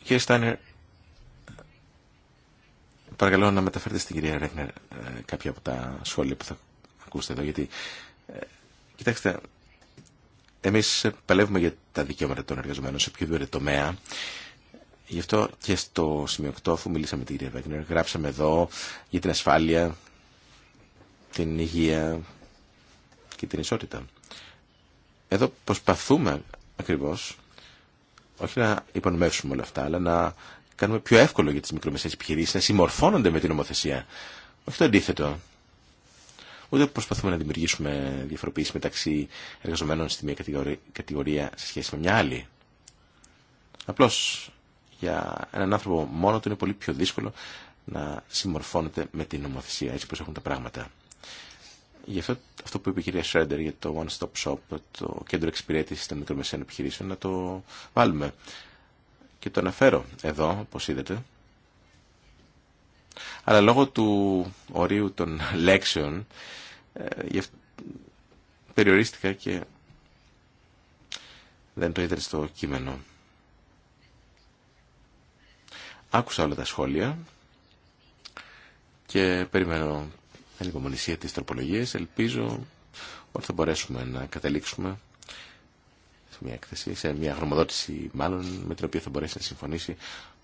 Κύριε Στάνερ, παρακαλώ να μεταφέρετε στην κυρία Ρέγνερ ε, κάποια από τα σχόλια που θα ακούσετε εδώ. Γιατί, ε, κοιτάξτε, εμεί ε, παλεύουμε για τα δικαιώματα των εργαζομένων σε οποιοδήποτε τομέα. Γι' αυτό και στο σημείο 8, αφού μιλήσαμε με την κυρία Βέγνερ, γράψαμε εδώ για την ασφάλεια, την υγεία και την ισότητα. Εδώ προσπαθούμε ακριβώς όχι να υπονομεύσουμε όλα αυτά, αλλά να κάνουμε πιο εύκολο για τις μικρομεσαίες επιχειρήσεις να συμμορφώνονται με την νομοθεσία. Όχι το αντίθετο. Ούτε προσπαθούμε να δημιουργήσουμε διαφοροποίηση μεταξύ εργαζομένων στη μία κατηγορία σε σχέση με μια άλλη. Απλώ για έναν άνθρωπο μόνο του είναι πολύ πιο δύσκολο να συμμορφώνεται με την νομοθεσία έτσι όπω έχουν τα πράγματα. Γι' αυτό, αυτό που είπε η κυρία Σρέντερ για το One Stop Shop, το κέντρο εξυπηρέτηση των μικρομεσαίων επιχειρήσεων, να το βάλουμε και το αναφέρω εδώ, όπως είδατε. Αλλά λόγω του ορίου των λέξεων ε, περιορίστηκα και δεν το είδατε στο κείμενο. Άκουσα όλα τα σχόλια και περιμένω ανυπομονησία της τροπολογίας. Ελπίζω ότι θα μπορέσουμε να καταλήξουμε μια έκθεση, σε μια γνωμοδότηση μάλλον, με την οποία θα μπορέσει να συμφωνήσει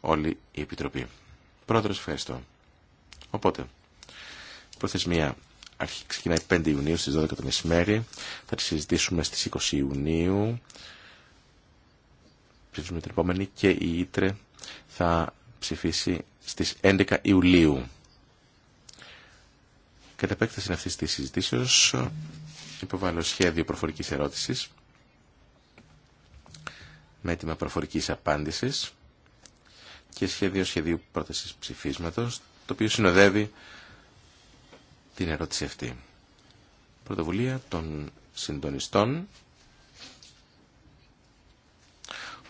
όλη η Επιτροπή. Πρόεδρο, ευχαριστώ. Οπότε, προθεσμία αρχή ξεκινάει 5 Ιουνίου στις 12 το μεσημέρι. Θα τη συζητήσουμε στις 20 Ιουνίου. Ψηφίσουμε την επόμενη και η Ήτρε θα ψηφίσει στις 11 Ιουλίου. Κατά επέκταση αυτή τη συζητήσεω, υποβάλλω σχέδιο προφορική ερώτηση με έτοιμα προφορικής απάντησης και σχέδιο σχεδίου πρότασης ψηφίσματος, το οποίο συνοδεύει την ερώτηση αυτή. Πρωτοβουλία των συντονιστών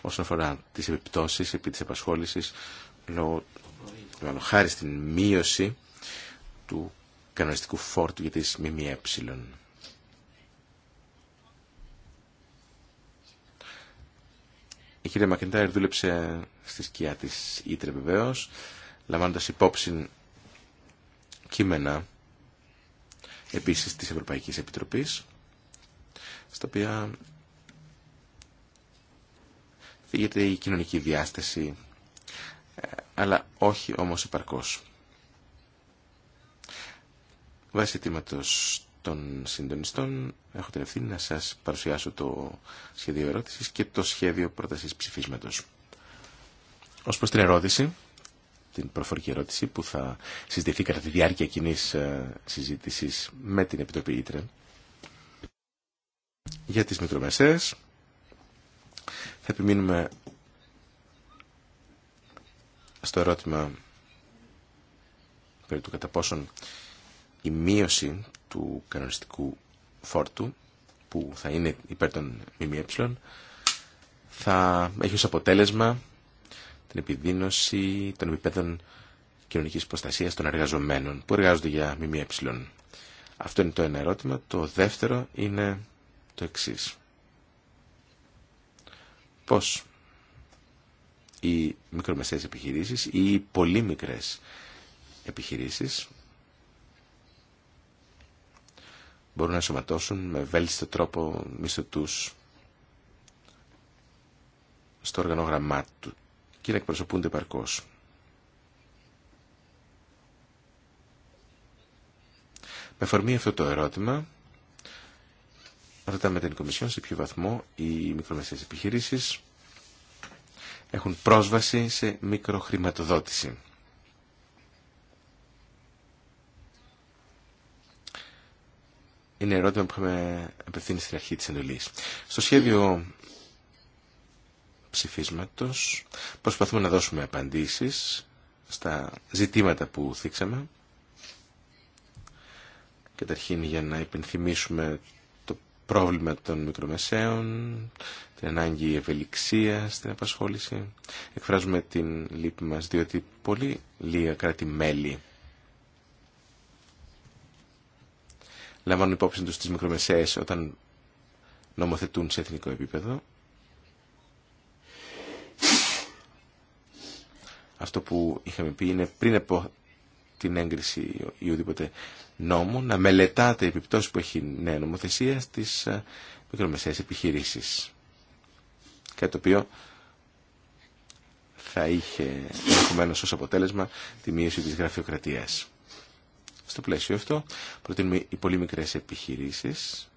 όσον αφορά τις επιπτώσεις επί της απασχόλησης λόγω, χάρη στην μείωση του κανονιστικού φόρτου για τις ΜΜΕ. Η κυρία Μακεντάιρ δούλεψε στη σκιά της Ήτρε βεβαίω, λαμβάνοντας υπόψη κείμενα επίσης της Ευρωπαϊκής Επιτροπής, στα οποία φύγεται η κοινωνική διάσταση, ε, αλλά όχι όμως επαρκώς. Βάσει αιτήματος των έχω την ευθύνη να σας παρουσιάσω το σχέδιο ερώτησης και το σχέδιο πρότασης ψηφίσματος. Ως προς την ερώτηση, την προφορική ερώτηση που θα συζητηθεί κατά τη διάρκεια κοινή ε, συζήτησης με την Επιτροπή Ήτρε για τις μικρομεσαίες θα επιμείνουμε στο ερώτημα περί του κατά πόσον η μείωση του κανονιστικού φόρτου που θα είναι υπέρ των ΜΜΕ θα έχει ως αποτέλεσμα την επιδίνωση των επιπέδων κοινωνικής προστασίας των εργαζομένων που εργάζονται για ΜΜΕ. Αυτό είναι το ένα ερώτημα. Το δεύτερο είναι το εξής. Πώς οι μικρομεσαίες επιχειρήσεις ή οι πολύ μικρές επιχειρήσεις μπορούν να σωματώσουν με βέλτιστο τρόπο μισθωτούς στο οργανόγραμμά του και να εκπροσωπούνται παρκώς. Με αφορμή αυτό το ερώτημα, ρωτάμε την Κομισιόν σε ποιο βαθμό οι μικρομεσαίες επιχειρήσεις έχουν πρόσβαση σε μικροχρηματοδότηση. είναι ερώτημα που είχαμε απευθύνει στην αρχή της εντολής. Στο σχέδιο ψηφίσματος προσπαθούμε να δώσουμε απαντήσεις στα ζητήματα που θίξαμε. Καταρχήν για να υπενθυμίσουμε το πρόβλημα των μικρομεσαίων, την ανάγκη ευελιξία στην απασχόληση. Εκφράζουμε την λύπη μας διότι πολύ λίγα κράτη-μέλη λαμβάνουν υπόψη τους τις μικρομεσαίες όταν νομοθετούν σε εθνικό επίπεδο. Αυτό που είχαμε πει είναι πριν από την έγκριση ή οδήποτε νόμου να μελετάτε οι επιπτώσεις που έχει νέα νομοθεσία στις ε, μικρομεσαίες επιχειρήσεις. Κάτι το οποίο θα είχε ενδεχομένω ως αποτέλεσμα τη μείωση της γραφειοκρατίας. Στο πλαίσιο αυτό προτείνουμε οι πολύ μικρές επιχειρήσεις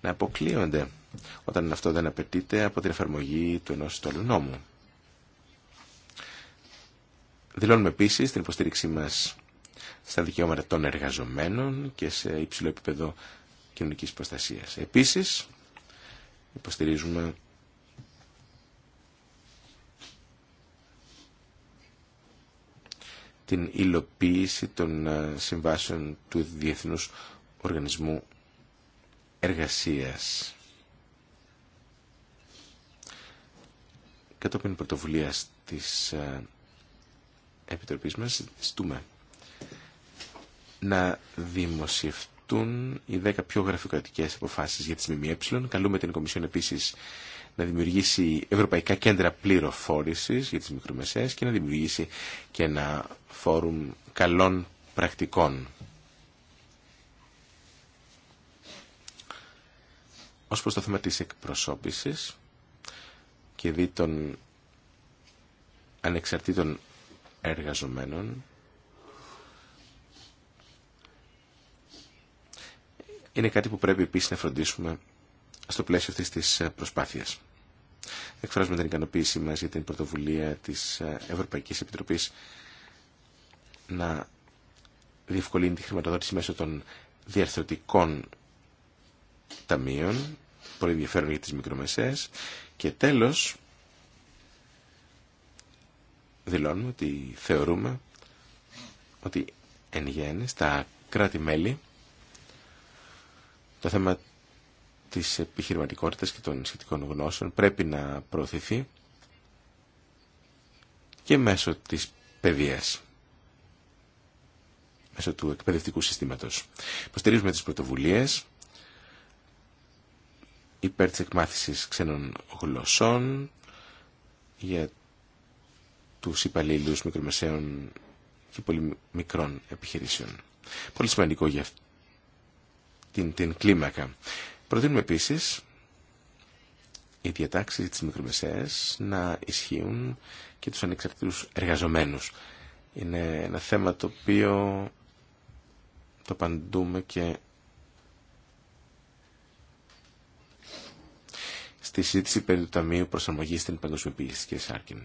να αποκλείονται όταν αυτό δεν απαιτείται από την εφαρμογή του ενός του νόμου. Δηλώνουμε επίσης την υποστήριξή μας στα δικαιώματα των εργαζομένων και σε υψηλό επίπεδο κοινωνικής προστασία. Επίσης, υποστηρίζουμε την υλοποίηση των ε, συμβάσεων του Διεθνούς Οργανισμού Εργασίας. Κατόπιν πρωτοβουλίας της ε, Επιτροπής μας ζητούμε να δημοσιευτούν οι 10 πιο γραφειοκρατικές αποφάσεις για τις ΜΜΕ. Καλούμε την Κομισιόν επίσης να δημιουργήσει ευρωπαϊκά κέντρα πληροφόρησης για τις μικρομεσαίες και να δημιουργήσει και ένα φόρουμ καλών πρακτικών. Ως προς το θέμα της εκπροσώπησης και δι των ανεξαρτήτων εργαζομένων είναι κάτι που πρέπει επίσης να φροντίσουμε στο πλαίσιο αυτής της προσπάθειας. Εκφράζουμε την ικανοποίησή μας για την πρωτοβουλία της ε, Ευρωπαϊκής Επιτροπής να διευκολύνει τη χρηματοδότηση μέσω των διαρθρωτικών ταμείων, πολύ ενδιαφέρον για τι μικρομεσαίες. Και τέλος, δηλώνουμε ότι θεωρούμε ότι εν γέννη στα κράτη-μέλη το θέμα της επιχειρηματικότητας και των σχετικών γνώσεων πρέπει να προωθηθεί και μέσω της παιδείας, μέσω του εκπαιδευτικού συστήματος. Υποστηρίζουμε τις πρωτοβουλίες υπέρ της εκμάθησης ξένων γλωσσών για τους υπαλλήλου μικρομεσαίων και πολύ μικρών επιχειρήσεων. Πολύ σημαντικό για την, την κλίμακα. Προτείνουμε επίση οι διατάξει της μικρομεσαίας να ισχύουν και του ανεξαρτήτους εργαζομένους. Είναι ένα θέμα το οποίο το παντούμε και στη συζήτηση περί του Ταμείου Προσαρμογής στην Παγκοσμιοποίηση και Σάρκιν.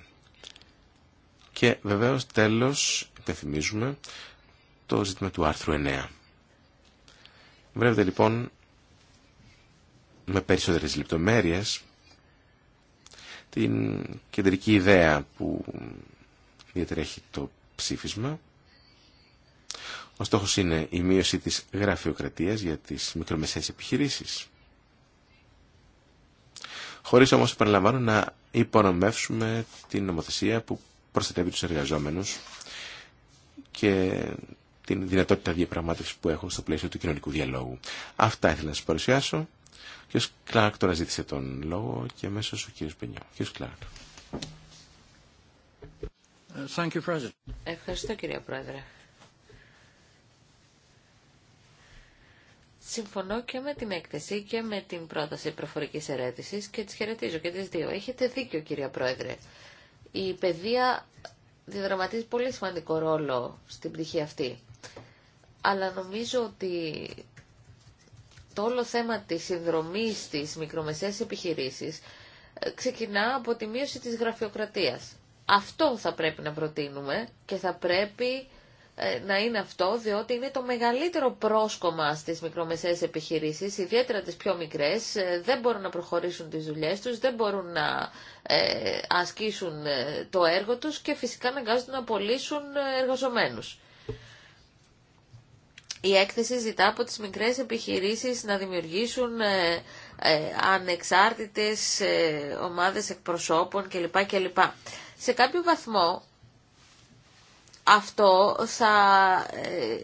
Και βεβαίως τέλος υπενθυμίζουμε το ζήτημα του άρθρου 9. Βλέπετε λοιπόν με περισσότερες λεπτομέρειες την κεντρική ιδέα που διατρέχει το ψήφισμα. Ο στόχος είναι η μείωση της γραφειοκρατίας για τις μικρομεσαίες επιχειρήσεις. Χωρίς όμως, επαναλαμβάνω, να υπονομεύσουμε την νομοθεσία που προστατεύει τους εργαζόμενους και την δυνατότητα διαπραγμάτευσης που έχουν στο πλαίσιο του κοινωνικού διαλόγου. Αυτά ήθελα να σας παρουσιάσω. Ο κ. Κλάρκ τώρα ζήτησε τον λόγο και μέσω ο κ. Πενιό. Ο κ. Κλάρκ. Ευχαριστώ κύριε Πρόεδρε. Συμφωνώ και με την έκθεση και με την πρόταση προφορική ερώτηση και τι χαιρετίζω και τι δύο. Έχετε δίκιο κύρια Πρόεδρε. Η παιδεία διδραματίζει πολύ σημαντικό ρόλο στην πτυχή αυτή. Αλλά νομίζω ότι το όλο θέμα της συνδρομής στις μικρομεσαίες επιχειρήσεις ε, ξεκινά από τη μείωση της γραφειοκρατίας. Αυτό θα πρέπει να προτείνουμε και θα πρέπει ε, να είναι αυτό, διότι είναι το μεγαλύτερο πρόσκομα στις μικρομεσαίες επιχειρήσεις, ιδιαίτερα τις πιο μικρές, ε, δεν μπορούν να προχωρήσουν τις δουλειές τους, δεν μπορούν να ασκήσουν το έργο τους και φυσικά αναγκάζονται να απολύσουν εργαζομένους η έκθεση ζητά από τις μικρές επιχειρήσεις να δημιουργήσουν ε, ε, ανεξάρτητες ε, ομάδες εκπροσώπων κλπ. κλπ. Σε κάποιο βαθμό αυτό θα ε,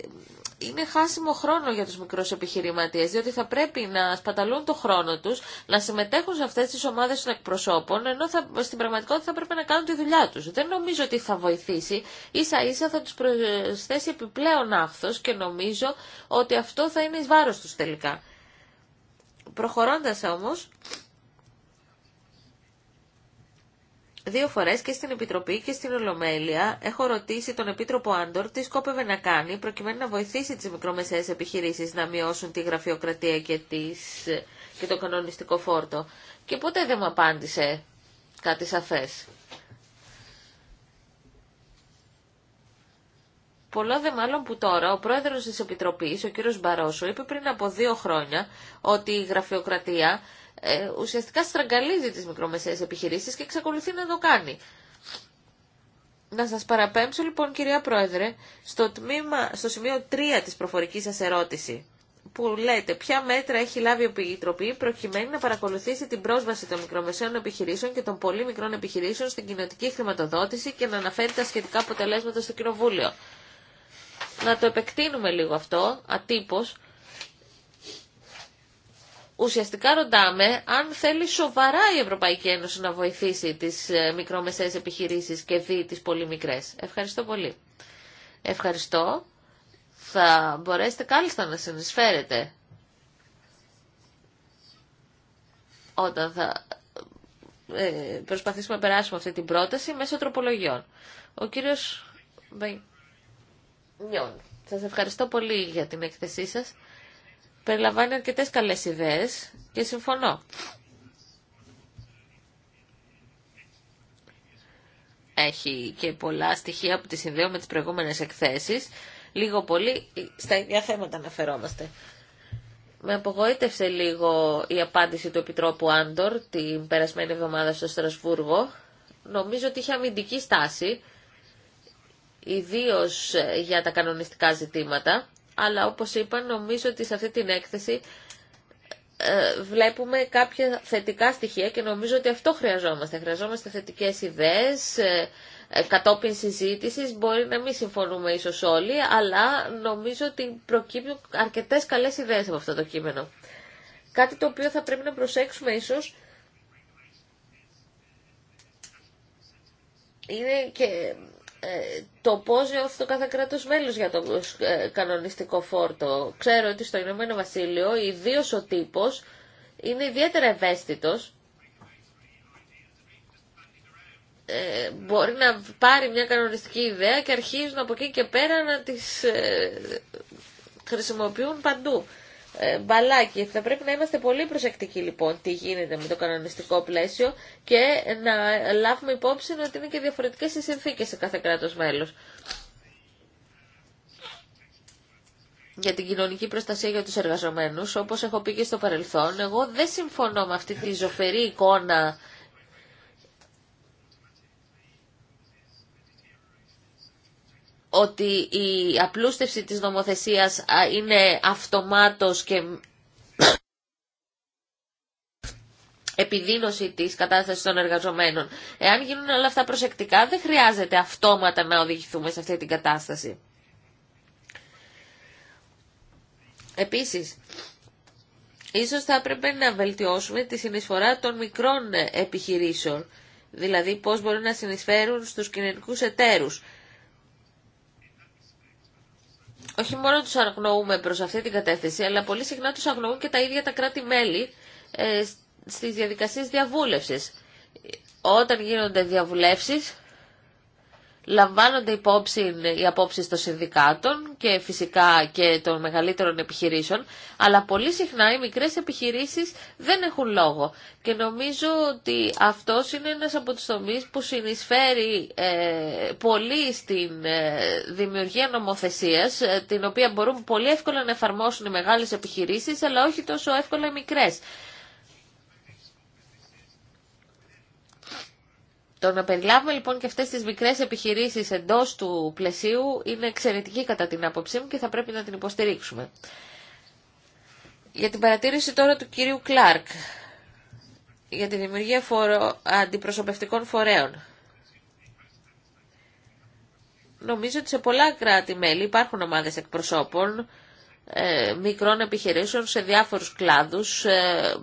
είναι χάσιμο χρόνο για τους μικρούς επιχειρηματίες, διότι θα πρέπει να σπαταλούν το χρόνο τους, να συμμετέχουν σε αυτές τις ομάδες των εκπροσώπων, ενώ θα, στην πραγματικότητα θα πρέπει να κάνουν τη δουλειά τους. Δεν νομίζω ότι θα βοηθήσει, ίσα ίσα θα τους προσθέσει επιπλέον άχθος και νομίζω ότι αυτό θα είναι εις βάρος τους τελικά. Προχωρώντας όμως, δύο φορές και στην Επιτροπή και στην Ολομέλεια έχω ρωτήσει τον Επίτροπο Άντορ τι σκόπευε να κάνει προκειμένου να βοηθήσει τις μικρομεσαίες επιχειρήσεις να μειώσουν τη γραφειοκρατία και, τις, και το κανονιστικό φόρτο. Και ποτέ δεν μου απάντησε κάτι σαφέ. Πολλό δε μάλλον που τώρα ο πρόεδρος της Επιτροπής, ο κύριος Μπαρόσο, είπε πριν από δύο χρόνια ότι η γραφειοκρατία ε, ουσιαστικά στραγγαλίζει τις μικρομεσαίες επιχειρήσεις και εξακολουθεί να το κάνει. Να σας παραπέμψω λοιπόν κυρία Πρόεδρε στο, τμήμα, στο σημείο 3 της προφορικής σας ερώτηση που λέτε ποια μέτρα έχει λάβει η Επιτροπή προκειμένου να παρακολουθήσει την πρόσβαση των μικρομεσαίων επιχειρήσεων και των πολύ μικρών επιχειρήσεων στην κοινωτική χρηματοδότηση και να αναφέρει τα σχετικά αποτελέσματα στο Κοινοβούλιο. Να το επεκτείνουμε λίγο αυτό, ατύπως, ουσιαστικά ρωτάμε αν θέλει σοβαρά η Ευρωπαϊκή Ένωση να βοηθήσει τις ε, μικρομεσαίες επιχειρήσεις και δι τις πολύ μικρές. Ευχαριστώ πολύ. Ευχαριστώ. Θα μπορέσετε κάλλιστα να συνεισφέρετε όταν θα ε, προσπαθήσουμε να περάσουμε αυτή την πρόταση μέσω τροπολογιών. Ο κύριος Νιόν, σας ευχαριστώ πολύ για την έκθεσή σας περιλαμβάνει αρκετές καλές ιδέες και συμφωνώ. Έχει και πολλά στοιχεία που τη συνδέω με τις προηγούμενες εκθέσεις. Λίγο πολύ στα ίδια θέματα αναφερόμαστε. Με απογοήτευσε λίγο η απάντηση του Επιτρόπου Άντορ την περασμένη εβδομάδα στο Στρασβούργο. Νομίζω ότι είχε αμυντική στάση, ιδίως για τα κανονιστικά ζητήματα αλλά όπως είπα νομίζω ότι σε αυτή την έκθεση ε, βλέπουμε κάποια θετικά στοιχεία και νομίζω ότι αυτό χρειαζόμαστε. Χρειαζόμαστε θετικές ιδέες, ε, ε, κατόπιν συζήτησης, μπορεί να μην συμφωνούμε ίσως όλοι, αλλά νομίζω ότι προκύπτουν αρκετές καλές ιδέες από αυτό το κείμενο. Κάτι το οποίο θα πρέπει να προσέξουμε ίσως είναι και ε, το πώς νιώθει το κάθε κράτο μέλος για το ε, κανονιστικό φόρτο. Ξέρω ότι στο Ηνωμένο Βασίλειο ιδίω ο τύπος είναι ιδιαίτερα ευαίσθητος ε, μπορεί να πάρει μια κανονιστική ιδέα και αρχίζουν από εκεί και πέρα να τις χρησιμοποιούν παντού. Ε, μπαλάκι. Θα πρέπει να είμαστε πολύ προσεκτικοί λοιπόν τι γίνεται με το κανονιστικό πλαίσιο και να λάβουμε υπόψη ότι είναι και διαφορετικές οι συνθήκες σε κάθε κράτος μέλος. για την κοινωνική προστασία για τους εργαζομένους, όπως έχω πει και στο παρελθόν, εγώ δεν συμφωνώ με αυτή τη ζωφερή εικόνα ότι η απλούστευση της νομοθεσίας είναι αυτομάτως και επιδείνωση της κατάστασης των εργαζομένων. Εάν γίνουν όλα αυτά προσεκτικά, δεν χρειάζεται αυτόματα να οδηγηθούμε σε αυτή την κατάσταση. Επίσης, ίσως θα έπρεπε να βελτιώσουμε τη συνεισφορά των μικρών επιχειρήσεων, δηλαδή πώς μπορούν να συνεισφέρουν στους κοινωνικούς εταίρους όχι μόνο τους αγνοούμε προς αυτή την κατεύθυνση, αλλά πολύ συχνά τους αγνοούν και τα ίδια τα κράτη-μέλη ε, στις διαδικασίες διαβούλευσης. Όταν γίνονται διαβουλεύσεις, λαμβάνονται υπόψη οι απόψεις των συνδικάτων και φυσικά και των μεγαλύτερων επιχειρήσεων, αλλά πολύ συχνά οι μικρές επιχειρήσεις δεν έχουν λόγο. Και νομίζω ότι αυτός είναι ένας από τους τομείς που συνεισφέρει ε, πολύ στην ε, δημιουργία νομοθεσίας, ε, την οποία μπορούν πολύ εύκολα να εφαρμόσουν οι μεγάλες επιχειρήσεις, αλλά όχι τόσο εύκολα οι μικρές. Το να περιλάβουμε λοιπόν και αυτές τις μικρές επιχειρήσεις εντός του πλαισίου είναι εξαιρετική κατά την άποψή μου και θα πρέπει να την υποστηρίξουμε. Για την παρατήρηση τώρα του κυρίου Κλάρκ για τη δημιουργία φορο... αντιπροσωπευτικών φορέων. Νομίζω ότι σε πολλά κράτη-μέλη υπάρχουν ομάδες εκπροσώπων ε, μικρών επιχειρήσεων σε διάφορους κλάδους ε,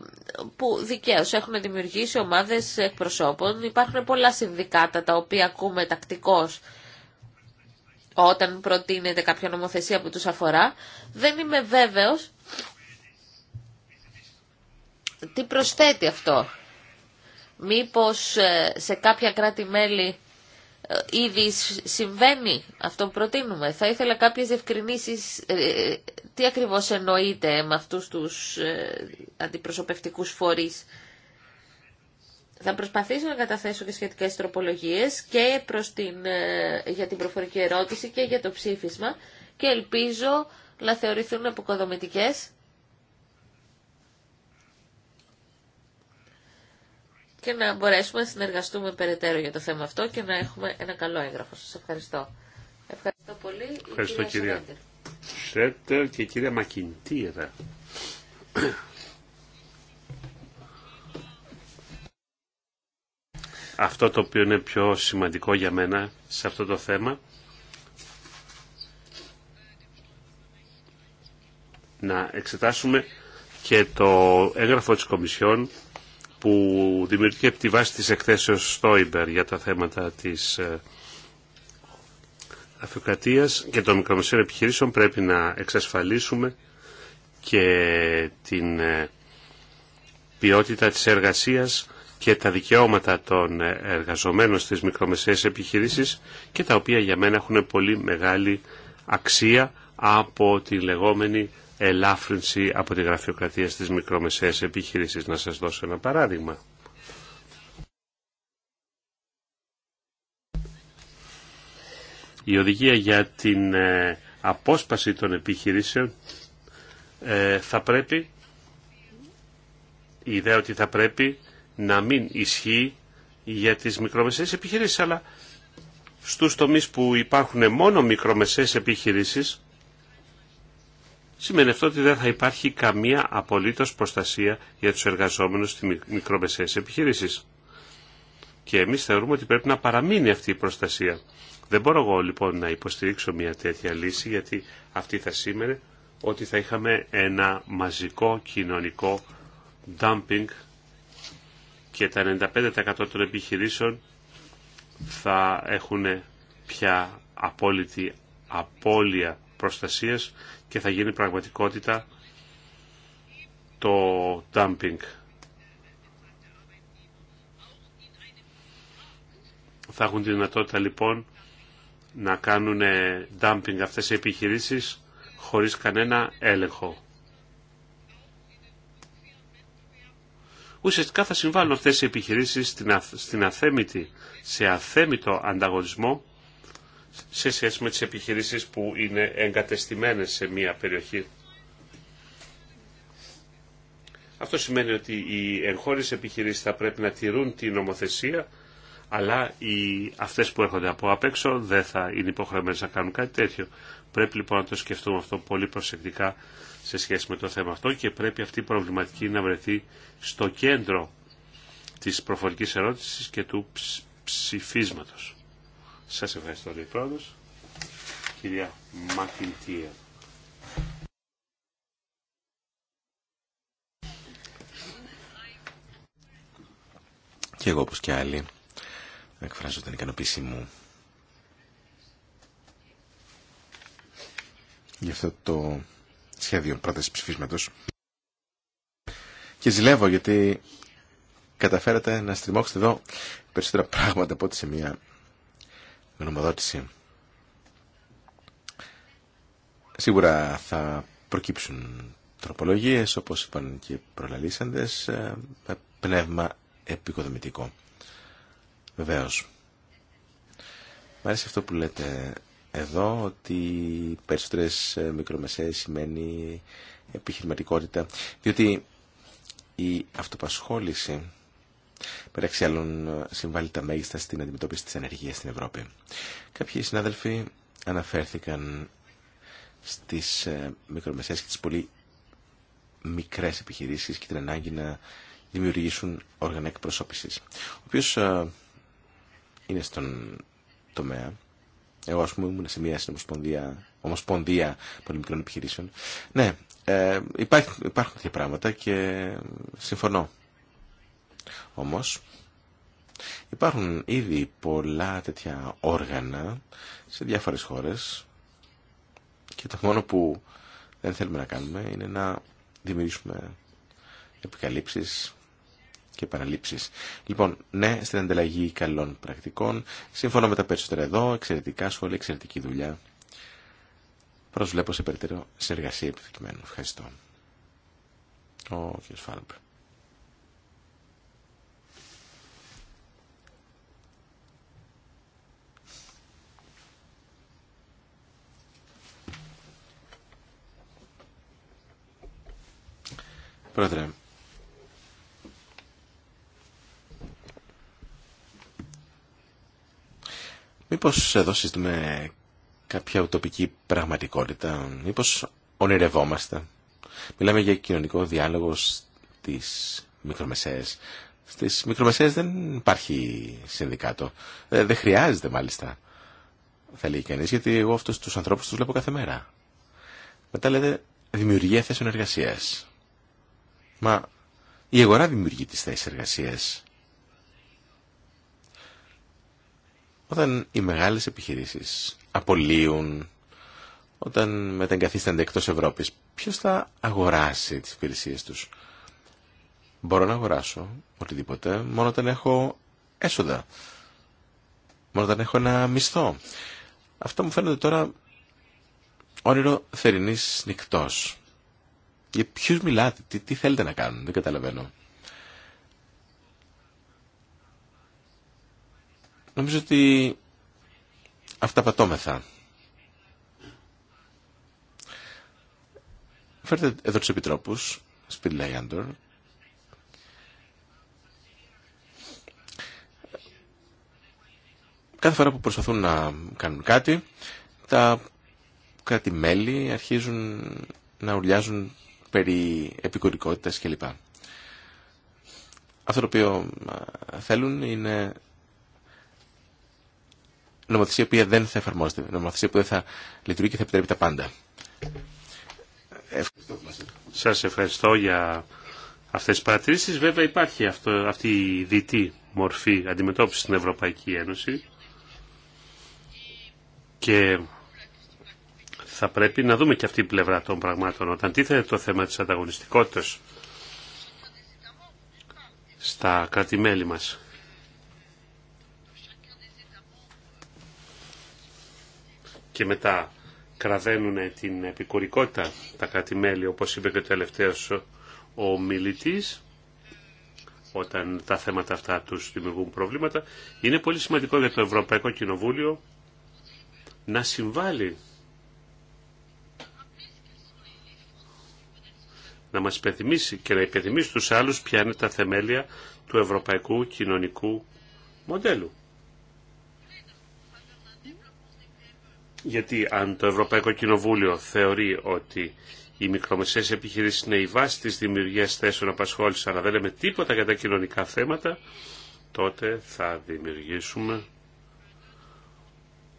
που δικαίως έχουν δημιουργήσει ομάδες εκπροσώπων. Υπάρχουν πολλά συνδικάτα τα οποία ακούμε τακτικώς όταν προτείνεται κάποια νομοθεσία που τους αφορά. Δεν είμαι βέβαιος τι προσθέτει αυτό. Μήπως ε, σε κάποια κράτη-μέλη ε, ήδη συμβαίνει αυτό που προτείνουμε. Θα ήθελα κάποιες διευκρινήσει, ε, τι ακριβώς εννοείται με αυτούς τους ε, αντιπροσωπευτικούς φορείς. Θα προσπαθήσω να καταθέσω και σχετικές τροπολογίες και προς την, ε, για την προφορική ερώτηση και για το ψήφισμα και ελπίζω να θεωρηθούν αποκοδομητικές και να μπορέσουμε να συνεργαστούμε περαιτέρω για το θέμα αυτό και να έχουμε ένα καλό έγγραφο. Σας ευχαριστώ. Ευχαριστώ πολύ. Ευχαριστώ κυρία, και κυρία Μακιντήρα. Αυτό το οποίο είναι πιο σημαντικό για μένα σε αυτό το θέμα να εξετάσουμε και το έγγραφο της Κομισιόν που δημιουργήθηκε από τη βάση της εκθέσεως Στόιμπερ για τα θέματα της ε, αφιοκρατίας και των μικρομεσαίων επιχειρήσεων πρέπει να εξασφαλίσουμε και την ε, ποιότητα της εργασίας και τα δικαιώματα των ε, εργαζομένων στις μικρομεσαίες επιχειρήσεις και τα οποία για μένα έχουν πολύ μεγάλη αξία από τη λεγόμενη ελάφρυνση από τη γραφειοκρατία στις μικρομεσαίες επιχειρήσεις. Να σας δώσω ένα παράδειγμα. Η οδηγία για την ε, απόσπαση των επιχειρήσεων ε, θα πρέπει, η ιδέα ότι θα πρέπει να μην ισχύει για τις μικρομεσαίες επιχειρήσεις, αλλά στους τομείς που υπάρχουν μόνο μικρομεσαίες επιχειρήσεις, σημαίνει αυτό ότι δεν θα υπάρχει καμία απολύτως προστασία για τους εργαζόμενους στι μικρομεσαίε επιχειρήσει. Και εμεί θεωρούμε ότι πρέπει να παραμείνει αυτή η προστασία. Δεν μπορώ εγώ λοιπόν να υποστηρίξω μια τέτοια λύση γιατί αυτή θα σήμαινε ότι θα είχαμε ένα μαζικό κοινωνικό dumping και τα 95% των επιχειρήσεων θα έχουν πια απόλυτη απώλεια προστασίες και θα γίνει πραγματικότητα το dumping. Θα έχουν τη δυνατότητα λοιπόν να κάνουν ε, dumping αυτές οι επιχειρήσεις χωρίς κανένα έλεγχο. Ουσιαστικά θα συμβάλλουν αυτές οι επιχειρήσεις στην, αθέμητη, σε αθέμητο ανταγωνισμό σε σχέση με τις επιχειρήσεις που είναι εγκατεστημένες σε μια περιοχή. Αυτό σημαίνει ότι οι εγχώριες επιχειρήσεις θα πρέπει να τηρούν την νομοθεσία, αλλά οι, αυτές που έρχονται από απ' έξω δεν θα είναι υποχρεωμένες να κάνουν κάτι τέτοιο. Πρέπει λοιπόν να το σκεφτούμε αυτό πολύ προσεκτικά σε σχέση με το θέμα αυτό και πρέπει αυτή η προβληματική να βρεθεί στο κέντρο της προφορικής ερώτησης και του ψηφίσματος. Σας ευχαριστώ, λέει Κυρία Μακιντία. Και εγώ, όπως και άλλοι, εκφράζω την ικανοποίησή μου για αυτό το σχέδιο πρόταση ψηφίσματος. Και ζηλεύω γιατί καταφέρατε να στριμώξετε εδώ περισσότερα πράγματα από ό,τι σε μια γνωμοδότηση. Σίγουρα θα προκύψουν τροπολογίες, όπως είπαν και οι προλαλήσαντες, ε, πνεύμα επικοδομητικό. Βεβαίως. Μ' αρέσει αυτό που λέτε εδώ, ότι περισσότερες ε, μικρομεσαίες σημαίνει επιχειρηματικότητα, διότι η αυτοπασχόληση Μεταξύ άλλων συμβάλλει τα μέγιστα στην αντιμετώπιση της ανεργίας στην Ευρώπη. Κάποιοι συνάδελφοι αναφέρθηκαν στις ε, μικρομεσαίες και τις πολύ μικρές επιχειρήσεις και την ανάγκη να δημιουργήσουν όργανα εκπροσώπησης. Ο οποίος ε, είναι στον τομέα. Εγώ ας πούμε ήμουν σε μια συνομοσπονδία, ομοσπονδία πολύ μικρών επιχειρήσεων. Ναι, ε, υπάρχουν, υπάρχουν τέτοια πράγματα και συμφωνώ. Όμως υπάρχουν ήδη πολλά τέτοια όργανα σε διάφορες χώρες και το μόνο που δεν θέλουμε να κάνουμε είναι να δημιουργήσουμε επικαλύψεις και παραλήψεις. Λοιπόν, ναι, στην ανταλλαγή καλών πρακτικών. Σύμφωνα με τα περισσότερα εδώ, εξαιρετικά σχόλια, εξαιρετική δουλειά. Προσβλέπω σε περαιτέρω συνεργασία επί Ευχαριστώ. Ο κ. Πρόεδρε. Μήπως εδώ συζητούμε κάποια ουτοπική πραγματικότητα, μήπως ονειρευόμαστε. Μιλάμε για κοινωνικό διάλογο στις μικρομεσαίες. Στις μικρομεσαίες δεν υπάρχει συνδικάτο. Ε, δεν χρειάζεται μάλιστα. Θα λέει κανείς, γιατί εγώ αυτούς τους ανθρώπους τους βλέπω κάθε μέρα. Μετά λέτε δημιουργία θέσεων εργασίας. Μα η αγορά δημιουργεί τις θέσεις εργασίας. Όταν οι μεγάλες επιχειρήσεις απολύουν, όταν μεταγκαθίστανται εκτός Ευρώπης, ποιος θα αγοράσει τις υπηρεσίες τους. Μπορώ να αγοράσω οτιδήποτε μόνο όταν έχω έσοδα, μόνο όταν έχω ένα μισθό. Αυτό μου φαίνεται τώρα όνειρο θερινής νυχτός. Για ποιου μιλάτε, τι, θέλετε να κάνουν, δεν καταλαβαίνω. Νομίζω ότι αυτά πατώμεθα. Φέρτε εδώ τους επιτρόπους, Σπίτλα κάθε φορά που προσπαθούν να κάνουν κάτι, τα κράτη-μέλη αρχίζουν να ουρλιάζουν περί επικουρικότητας κλπ. Αυτό το οποίο θέλουν είναι νομοθεσία που δεν θα εφαρμόζεται, νομοθεσία που δεν θα λειτουργεί και θα επιτρέπει τα πάντα. Σας ευχαριστώ για αυτές τις παρατηρήσεις. Βέβαια υπάρχει αυτό, αυτή η διτή μορφή αντιμετώπισης στην Ευρωπαϊκή Ένωση και θα πρέπει να δούμε και αυτή η πλευρά των πραγμάτων. Όταν τίθεται το θέμα της ανταγωνιστικότητας στα κράτη-μέλη μας. Και μετά κραδένουν την επικουρικότητα τα κράτη-μέλη, όπως είπε και ο τελευταίος ο μιλητής, όταν τα θέματα αυτά τους δημιουργούν προβλήματα. Είναι πολύ σημαντικό για το Ευρωπαϊκό Κοινοβούλιο να συμβάλλει να μας υπενθυμίσει και να υπενθυμίσει τους άλλους ποια είναι τα θεμέλια του ευρωπαϊκού κοινωνικού μοντέλου. Γιατί αν το Ευρωπαϊκό Κοινοβούλιο θεωρεί ότι οι μικρομεσαίες επιχειρήσεις είναι η βάση της δημιουργίας θέσεων απασχόλησης, αλλά δεν λέμε τίποτα για τα κοινωνικά θέματα, τότε θα δημιουργήσουμε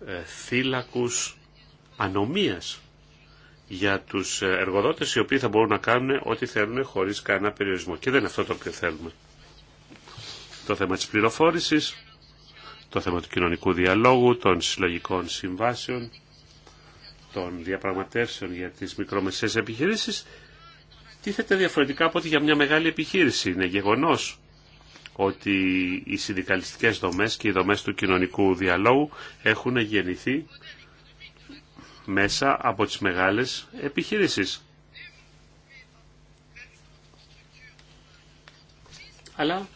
ε, θύλακους ανομίας για τους εργοδότες οι οποίοι θα μπορούν να κάνουν ό,τι θέλουν χωρίς κανένα περιορισμό. Και δεν είναι αυτό το οποίο θέλουμε. Το θέμα της πληροφόρησης, το θέμα του κοινωνικού διαλόγου, των συλλογικών συμβάσεων, των διαπραγματεύσεων για τις μικρομεσαίες επιχειρήσεις, τίθεται διαφορετικά από ότι για μια μεγάλη επιχείρηση. Είναι γεγονός ότι οι συνδικαλιστικές δομές και οι δομές του κοινωνικού διαλόγου έχουν γεννηθεί μέσα από τις μεγάλες επιχειρήσεις. Αλλά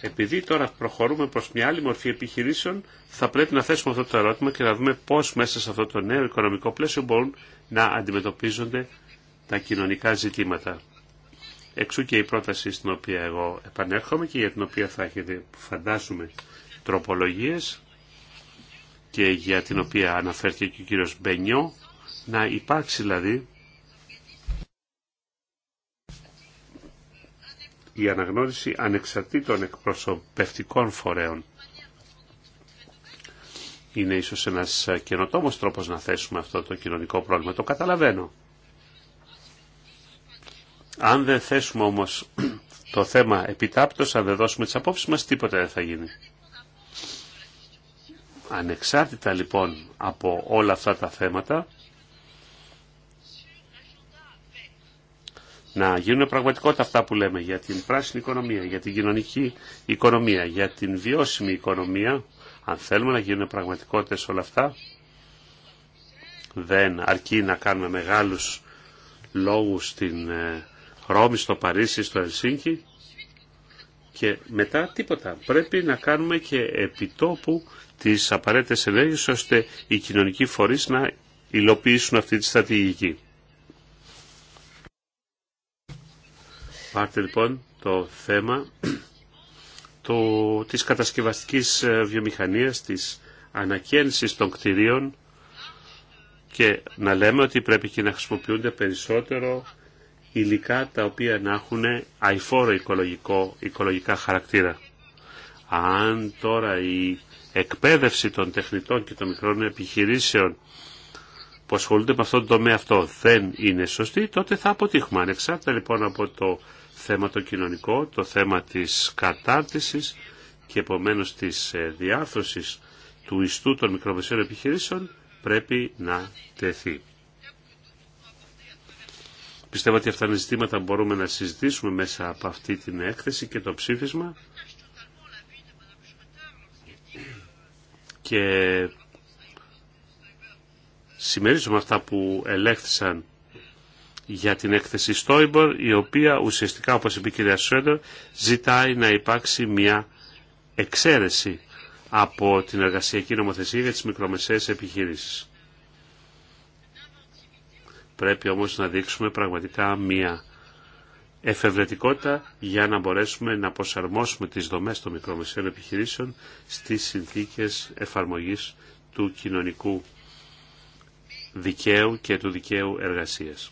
επειδή τώρα προχωρούμε προς μια άλλη μορφή επιχειρήσεων, θα πρέπει να θέσουμε αυτό το ερώτημα και να δούμε πώς μέσα σε αυτό το νέο οικονομικό πλαίσιο μπορούν να αντιμετωπίζονται τα κοινωνικά ζητήματα. Εξού και η πρόταση στην οποία εγώ επανέρχομαι και για την οποία θα έχετε φαντάζομαι τροπολογίες και για την οποία αναφέρθηκε και ο κύριος Μπενιό, να υπάρξει δηλαδή η αναγνώριση ανεξαρτήτων εκπροσωπευτικών φορέων. Είναι ίσως ένας καινοτόμος τρόπος να θέσουμε αυτό το κοινωνικό πρόβλημα. Το καταλαβαίνω. Αν δεν θέσουμε όμως το θέμα επιτάπτως, αν δεν δώσουμε τις απόψεις μας, τίποτα δεν θα γίνει. Ανεξάρτητα λοιπόν από όλα αυτά τα θέματα, να γίνουν πραγματικότητα αυτά που λέμε για την πράσινη οικονομία, για την κοινωνική οικονομία, για την βιώσιμη οικονομία, αν θέλουμε να γίνουν πραγματικότητες όλα αυτά, δεν αρκεί να κάνουμε μεγάλους λόγους στην ε, Ρώμη, στο Παρίσι, στο Ελσίνκι και μετά τίποτα. Πρέπει να κάνουμε και επιτόπου τις απαραίτητες ενέργειες ώστε οι κοινωνικοί φορείς να υλοποιήσουν αυτή τη στρατηγική. Πάρτε λοιπόν το θέμα το, της κατασκευαστικής ε, βιομηχανίας, της ανακαίνησης των κτηρίων και να λέμε ότι πρέπει και να χρησιμοποιούνται περισσότερο υλικά τα οποία να έχουν αηφόρο οικολογικό, οικολογικά χαρακτήρα. Αν τώρα η εκπαίδευση των τεχνητών και των μικρών επιχειρήσεων που ασχολούνται με αυτόν τον τομέα αυτό δεν είναι σωστή, τότε θα αποτύχουμε. Ανεξάρτητα λοιπόν από το θέμα το κοινωνικό, το θέμα της κατάρτισης και επομένως της ε, διάρθρωσης του ιστού των μικρομεσαίων επιχειρήσεων πρέπει να τεθεί. Πιστεύω ότι αυτά είναι ζητήματα που μπορούμε να συζητήσουμε μέσα από αυτή την έκθεση και το ψήφισμα. Και συμμερίζομαι αυτά που ελέγχθησαν για την έκθεση Στόιμπορ, η οποία ουσιαστικά, όπως είπε η κυρία Σουέντερ, ζητάει να υπάρξει μια εξαίρεση από την εργασιακή νομοθεσία για τις μικρομεσαίες επιχειρήσεις. Πρέπει όμως να δείξουμε πραγματικά μία εφευρετικότητα για να μπορέσουμε να προσαρμόσουμε τις δομές των μικρομεσαίων επιχειρήσεων στις συνθήκες εφαρμογής του κοινωνικού δικαίου και του δικαίου εργασίας.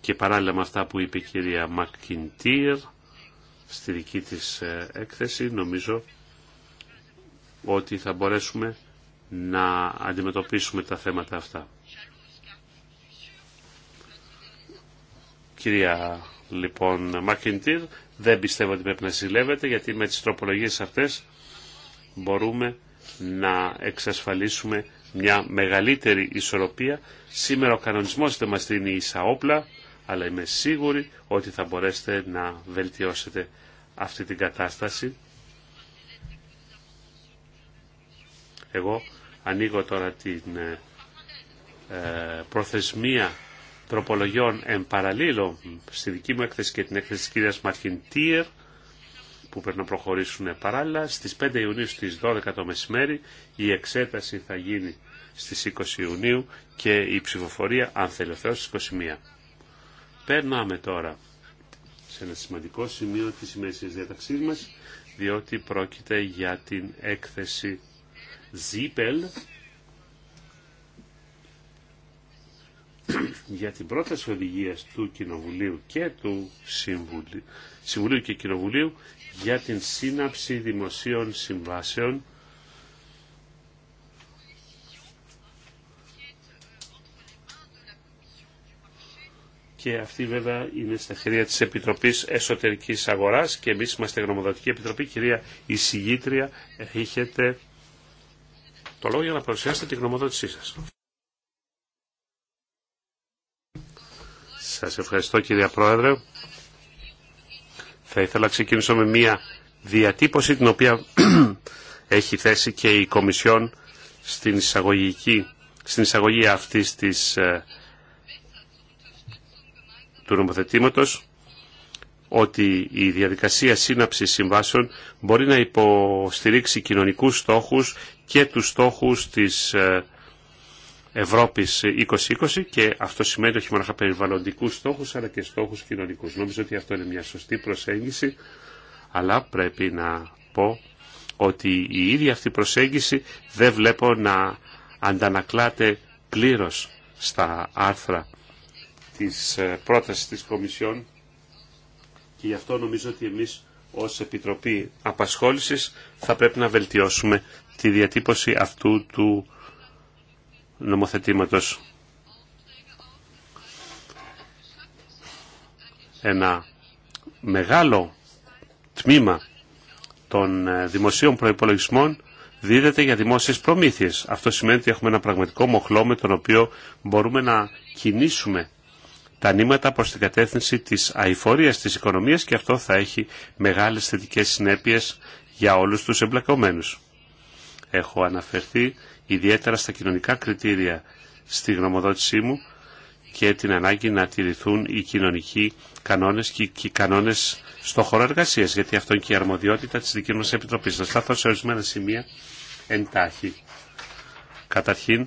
Και παράλληλα με αυτά που είπε η κυρία Μακκιντήρ στη δική της ε, έκθεση, νομίζω ότι θα μπορέσουμε να αντιμετωπίσουμε τα θέματα αυτά. Κυρία λοιπόν Μακιντήρ, δεν πιστεύω ότι πρέπει να γιατί με τις τροπολογίες αυτές μπορούμε να εξασφαλίσουμε μια μεγαλύτερη ισορροπία. Σήμερα ο κανονισμός δεν μας δίνει όπλα, αλλά είμαι σίγουρη ότι θα μπορέσετε να βελτιώσετε αυτή την κατάσταση. Εγώ Ανοίγω τώρα την ε, ε, προθεσμία τροπολογιών εν παραλίλω στη δική μου έκθεση και την έκθεση της κυρίας Τίερ που πρέπει να προχωρήσουν παράλληλα. Στις 5 Ιουνίου στις 12 το μεσημέρι η εξέταση θα γίνει στις 20 Ιουνίου και η ψηφοφορία αν θέλει ο Θεός στις 21. Περνάμε τώρα σε ένα σημαντικό σημείο της ημέρησης διαταξής μας διότι πρόκειται για την έκθεση Ζίπελ για την πρόταση οδηγίας του Κοινοβουλίου και του Συμβουλίου, και Κοινοβουλίου για την σύναψη δημοσίων συμβάσεων και αυτή βέβαια είναι στα χέρια της Επιτροπής Εσωτερικής Αγοράς και εμείς είμαστε γνωμοδοτική επιτροπή. Κυρία Ισηγήτρια, έχετε το λόγο για να παρουσιάσετε γνωμοδότησή σας. Σας ευχαριστώ κύριε Πρόεδρε. Θα ήθελα να ξεκινήσω με μία διατύπωση την οποία έχει θέσει και η Κομισιόν στην, εισαγωγική, στην εισαγωγή αυτής της, ε, του νομοθετήματος ότι η διαδικασία σύναψης συμβάσεων μπορεί να υποστηρίξει κοινωνικούς στόχους και τους στόχους της ε, Ευρώπης 2020 και αυτό σημαίνει όχι μόνο περιβαλλοντικούς στόχους αλλά και στόχους κοινωνικούς. Νομίζω ότι αυτό είναι μια σωστή προσέγγιση αλλά πρέπει να πω ότι η ίδια αυτή προσέγγιση δεν βλέπω να αντανακλάται πλήρως στα άρθρα της ε, πρότασης της Κομισιόν και γι' αυτό νομίζω ότι εμείς ως Επιτροπή Απασχόλησης θα πρέπει να βελτιώσουμε τη διατύπωση αυτού του νομοθετήματος. Ένα μεγάλο τμήμα των ε, δημοσίων προϋπολογισμών δίδεται για δημόσιες προμήθειες. Αυτό σημαίνει ότι έχουμε ένα πραγματικό μοχλό με τον οποίο μπορούμε να κινήσουμε τα νήματα προς την κατεύθυνση της αηφορίας της οικονομίας και αυτό θα έχει μεγάλες θετικές συνέπειες για όλους τους εμπλεκομένους. Έχω αναφερθεί ιδιαίτερα στα κοινωνικά κριτήρια στη γνωμοδότησή μου και την ανάγκη να τηρηθούν οι κοινωνικοί κανόνες και οι κανόνες στο χώρο εργασίας, γιατί αυτό είναι και η αρμοδιότητα της δικής μας Επιτροπής. Να στάθω σε ορισμένα σημεία εντάχει. Καταρχήν,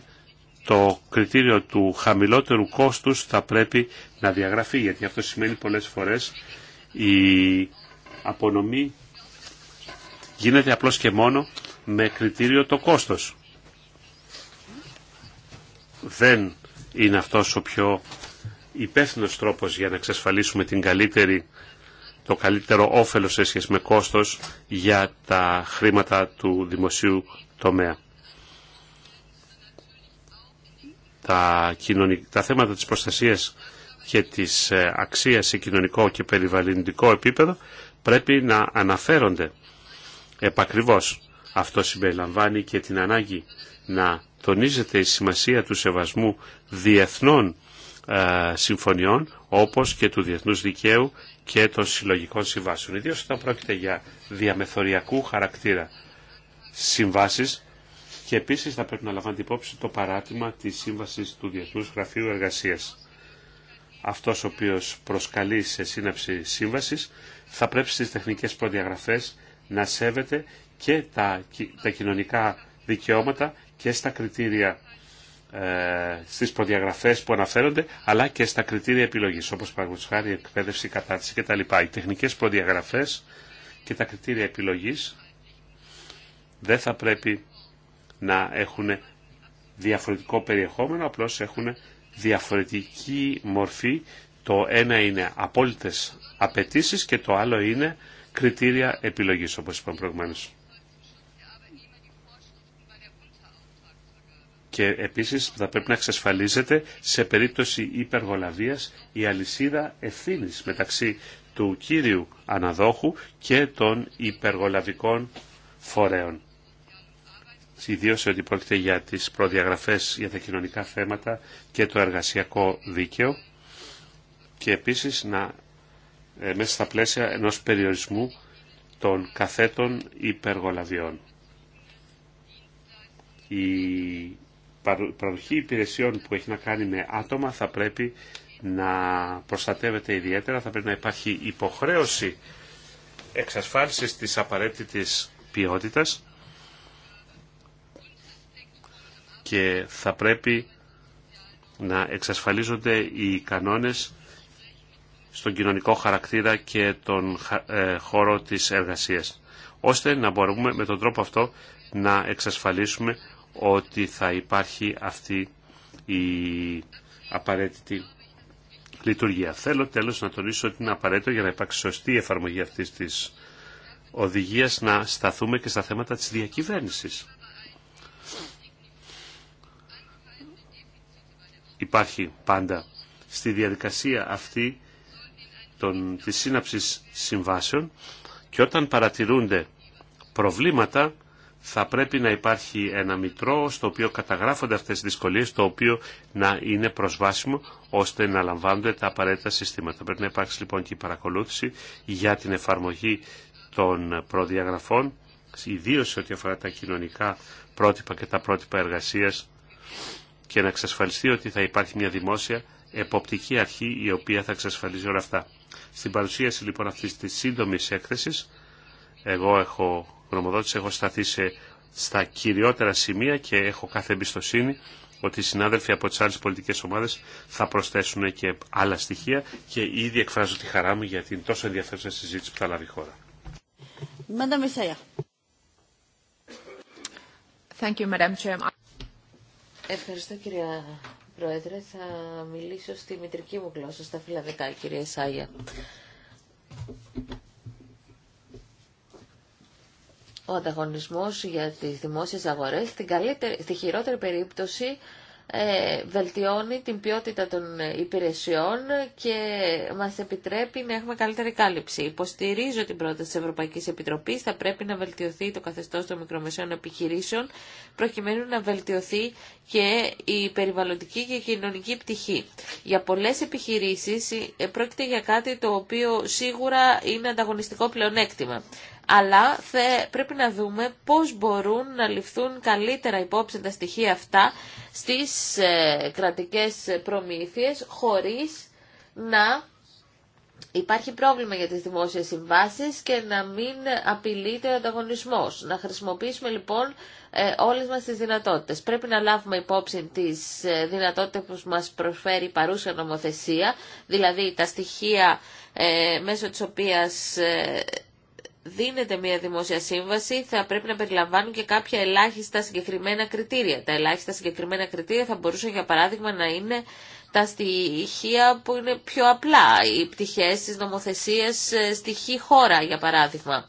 το κριτήριο του χαμηλότερου κόστους θα πρέπει να διαγραφεί, γιατί αυτό σημαίνει πολλές φορές η απονομή γίνεται απλώς και μόνο με κριτήριο το κόστος. Δεν είναι αυτός ο πιο υπεύθυνος τρόπος για να εξασφαλίσουμε την καλύτερη, το καλύτερο όφελος σε σχέση με κόστος για τα χρήματα του δημοσίου τομέα. τα, τα θέματα της προστασίας και της ε, αξίας σε κοινωνικό και περιβαλλοντικό επίπεδο πρέπει να αναφέρονται επακριβώς. Αυτό συμπεριλαμβάνει και την ανάγκη να τονίζεται η σημασία του σεβασμού διεθνών ε, συμφωνιών όπως και του διεθνούς δικαίου και των συλλογικών συμβάσεων. Ιδίως όταν πρόκειται για διαμεθοριακού χαρακτήρα συμβάσεις και επίσης θα πρέπει να λαμβάνετε υπόψη το παράτημα της Σύμβασης του Διεθνούς Γραφείου Εργασίας. Αυτός ο οποίος προσκαλεί σε σύναψη σύμβασης θα πρέπει στις τεχνικές προδιαγραφές να σέβεται και τα, τα κοινωνικά δικαιώματα και στα κριτήρια ε, στις προδιαγραφές που αναφέρονται, αλλά και στα κριτήρια επιλογής, όπως παραγωγής χάρη, εκπαίδευση, κατάρτιση κτλ. Οι τεχνικές προδιαγραφές και τα κριτήρια επιλογής δεν θα πρέπει να έχουν διαφορετικό περιεχόμενο, απλώς έχουν διαφορετική μορφή. Το ένα είναι απόλυτες απαιτήσει και το άλλο είναι κριτήρια επιλογής, όπως είπαμε προηγουμένως. Και επίσης θα πρέπει να εξασφαλίζεται σε περίπτωση υπεργολαβίας η αλυσίδα ευθύνης μεταξύ του κύριου αναδόχου και των υπεργολαβικών φορέων ιδίω ότι πρόκειται για τις προδιαγραφές για τα κοινωνικά θέματα και το εργασιακό δίκαιο και επίσης να, ε, μέσα στα πλαίσια ενός περιορισμού των καθέτων υπεργολαβιών. Η παροχή υπηρεσιών που έχει να κάνει με άτομα θα πρέπει να προστατεύεται ιδιαίτερα, θα πρέπει να υπάρχει υποχρέωση εξασφάλισης της απαραίτητης ποιότητας και θα πρέπει να εξασφαλίζονται οι κανόνες στον κοινωνικό χαρακτήρα και τον ε, χώρο της εργασίας, ώστε να μπορούμε με τον τρόπο αυτό να εξασφαλίσουμε ότι θα υπάρχει αυτή η απαραίτητη λειτουργία. Θέλω τέλος να τονίσω ότι είναι απαραίτητο για να υπάρξει σωστή εφαρμογή αυτής της οδηγίας να σταθούμε και στα θέματα της διακυβέρνησης. υπάρχει πάντα στη διαδικασία αυτή των, της σύναψης συμβάσεων και όταν παρατηρούνται προβλήματα θα πρέπει να υπάρχει ένα μητρό στο οποίο καταγράφονται αυτές τις δυσκολίες, το οποίο να είναι προσβάσιμο ώστε να λαμβάνονται τα απαραίτητα συστήματα. Πρέπει να υπάρξει λοιπόν και η παρακολούθηση για την εφαρμογή των προδιαγραφών, ιδίω σε ό,τι αφορά τα κοινωνικά πρότυπα και τα πρότυπα εργασίας και να εξασφαλιστεί ότι θα υπάρχει μια δημόσια εποπτική αρχή η οποία θα εξασφαλίζει όλα αυτά. Στην παρουσίαση λοιπόν αυτής της σύντομης έκθεσης, εγώ έχω γνωμοδότηση, έχω σταθεί σε, στα κυριότερα σημεία και έχω κάθε εμπιστοσύνη ότι οι συνάδελφοι από τις άλλες πολιτικές ομάδες θα προσθέσουν και άλλα στοιχεία και ήδη εκφράζω τη χαρά μου για την τόσο ενδιαφέρουσα συζήτηση που θα λάβει η χώρα. Thank you, Madam Ευχαριστώ κυρία Πρόεδρε. Θα μιλήσω στη μητρική μου γλώσσα, στα φιλαδικά, κυρία Σάγια. Ο ανταγωνισμός για τις δημόσιες αγορές στην, καλύτερη, στη χειρότερη περίπτωση ε, βελτιώνει την ποιότητα των υπηρεσιών και μας επιτρέπει να έχουμε καλύτερη κάλυψη. Υποστηρίζω την πρόταση της Ευρωπαϊκής Επιτροπής, θα πρέπει να βελτιωθεί το καθεστώς των μικρομεσαίων επιχειρήσεων, προκειμένου να βελτιωθεί και η περιβαλλοντική και η κοινωνική πτυχή. Για πολλές επιχειρήσεις ε, πρόκειται για κάτι το οποίο σίγουρα είναι ανταγωνιστικό πλεονέκτημα αλλά θα, πρέπει να δούμε πώς μπορούν να ληφθούν καλύτερα υπόψη τα στοιχεία αυτά στις ε, κρατικές προμήθειες χωρίς να υπάρχει πρόβλημα για τις δημόσιες συμβάσεις και να μην απειλείται ο ανταγωνισμός. Να χρησιμοποιήσουμε λοιπόν ε, όλες μας τις δυνατότητες. Πρέπει να λάβουμε υπόψη τις ε, δυνατότητες που μας προσφέρει η παρούσα νομοθεσία, δηλαδή τα στοιχεία μέσω της οποίας δίνεται μια δημόσια σύμβαση θα πρέπει να περιλαμβάνουν και κάποια ελάχιστα συγκεκριμένα κριτήρια. Τα ελάχιστα συγκεκριμένα κριτήρια θα μπορούσαν για παράδειγμα να είναι τα στοιχεία που είναι πιο απλά, οι πτυχές της νομοθεσίας ε, στη χή χώρα για παράδειγμα.